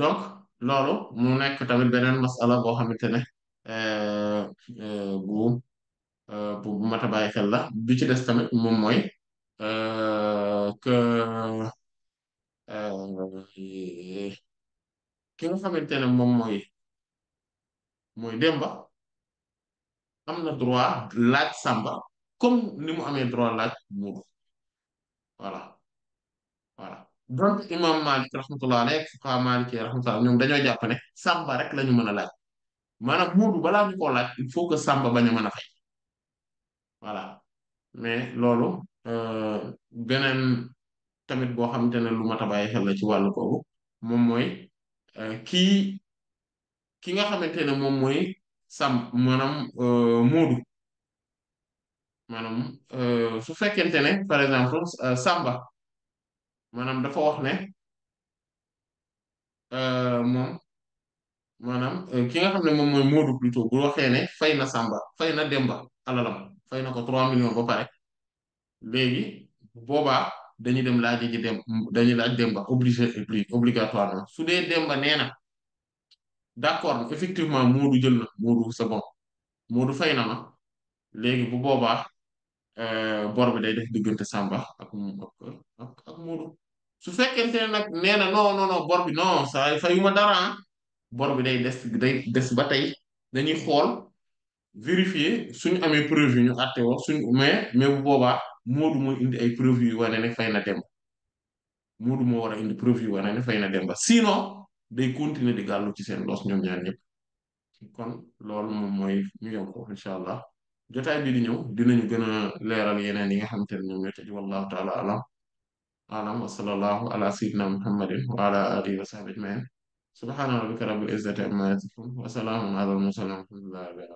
donc loolu mu nekk tamit beneen masala boo xamante ne euh, euh, bu. Eh, bu bu mat a bàyyi xel la bi ci des tamit moom mooy eh, que eh, ki nga xamante ne moom mooy mooy Demba am droit laaj Samba comme ni mu amee droit laaj Moodu voilà voilà donc imam Malik rahmatullah alayhi fuqaha Maliki rahmatullah ñoom dañoo jàpp ne Samba rek la ñu mën a laaj maanaam Moodu balaa ñu koo laaj il faut que Samba bañ a fay voilà mais loolu euh, beneen tamit boo xamante ne lu mat a bàyyi xel la ci wàllu kooku moom mooy euh, kii ki nga xamante ne moom mooy sàmm maanaam euh, moodu maanaam su fekkente ne par exemple Samba maanaam dafa wax ne moom maanaam ki nga xam ne moom mooy moodu plutôt bu fay na Samba fay na Demba alalam fay na ko trois millions ba pare léegi bu boobaa dañuy dem laaj ji dem dañuy laaj Demba obligé obligatoirement su dee Demba nee na d'accord effectivement Moodu jël na Moodu c'est bon Moodu fay na ma léegi bu boobaa euh, bor bi day def diggante Samba ak ak Moodu su fekkente ne nag nee na non non non bor bi non saa fayu ma dara ah. bor bi day des day des ba tey dañuy xool. vérifier suñu amee preuve yi ñu àtte woo suñ mais mais bu boobaa Moodu mooy indi ay preuve yu wane ne fay na Demba Moodu moo war a indi preuve yu wane ne fay na Demba sinon day continuer di ga ci seen los ñoom ñaar ñëpp kon lool moom mooy ñu yem ko incha allah jotaay bi di ñëw dinañu gën a leeral yeneen yi nga xamante ne ñoom ñoo taala alam wa sallallahu ala sayyidina muhammadin wa ala alihi wa sahbihi ajmain subhana rabbika rabbil izzati amma yasifun wa salamun ala al mursalin walhamdulillahi rabbil alamin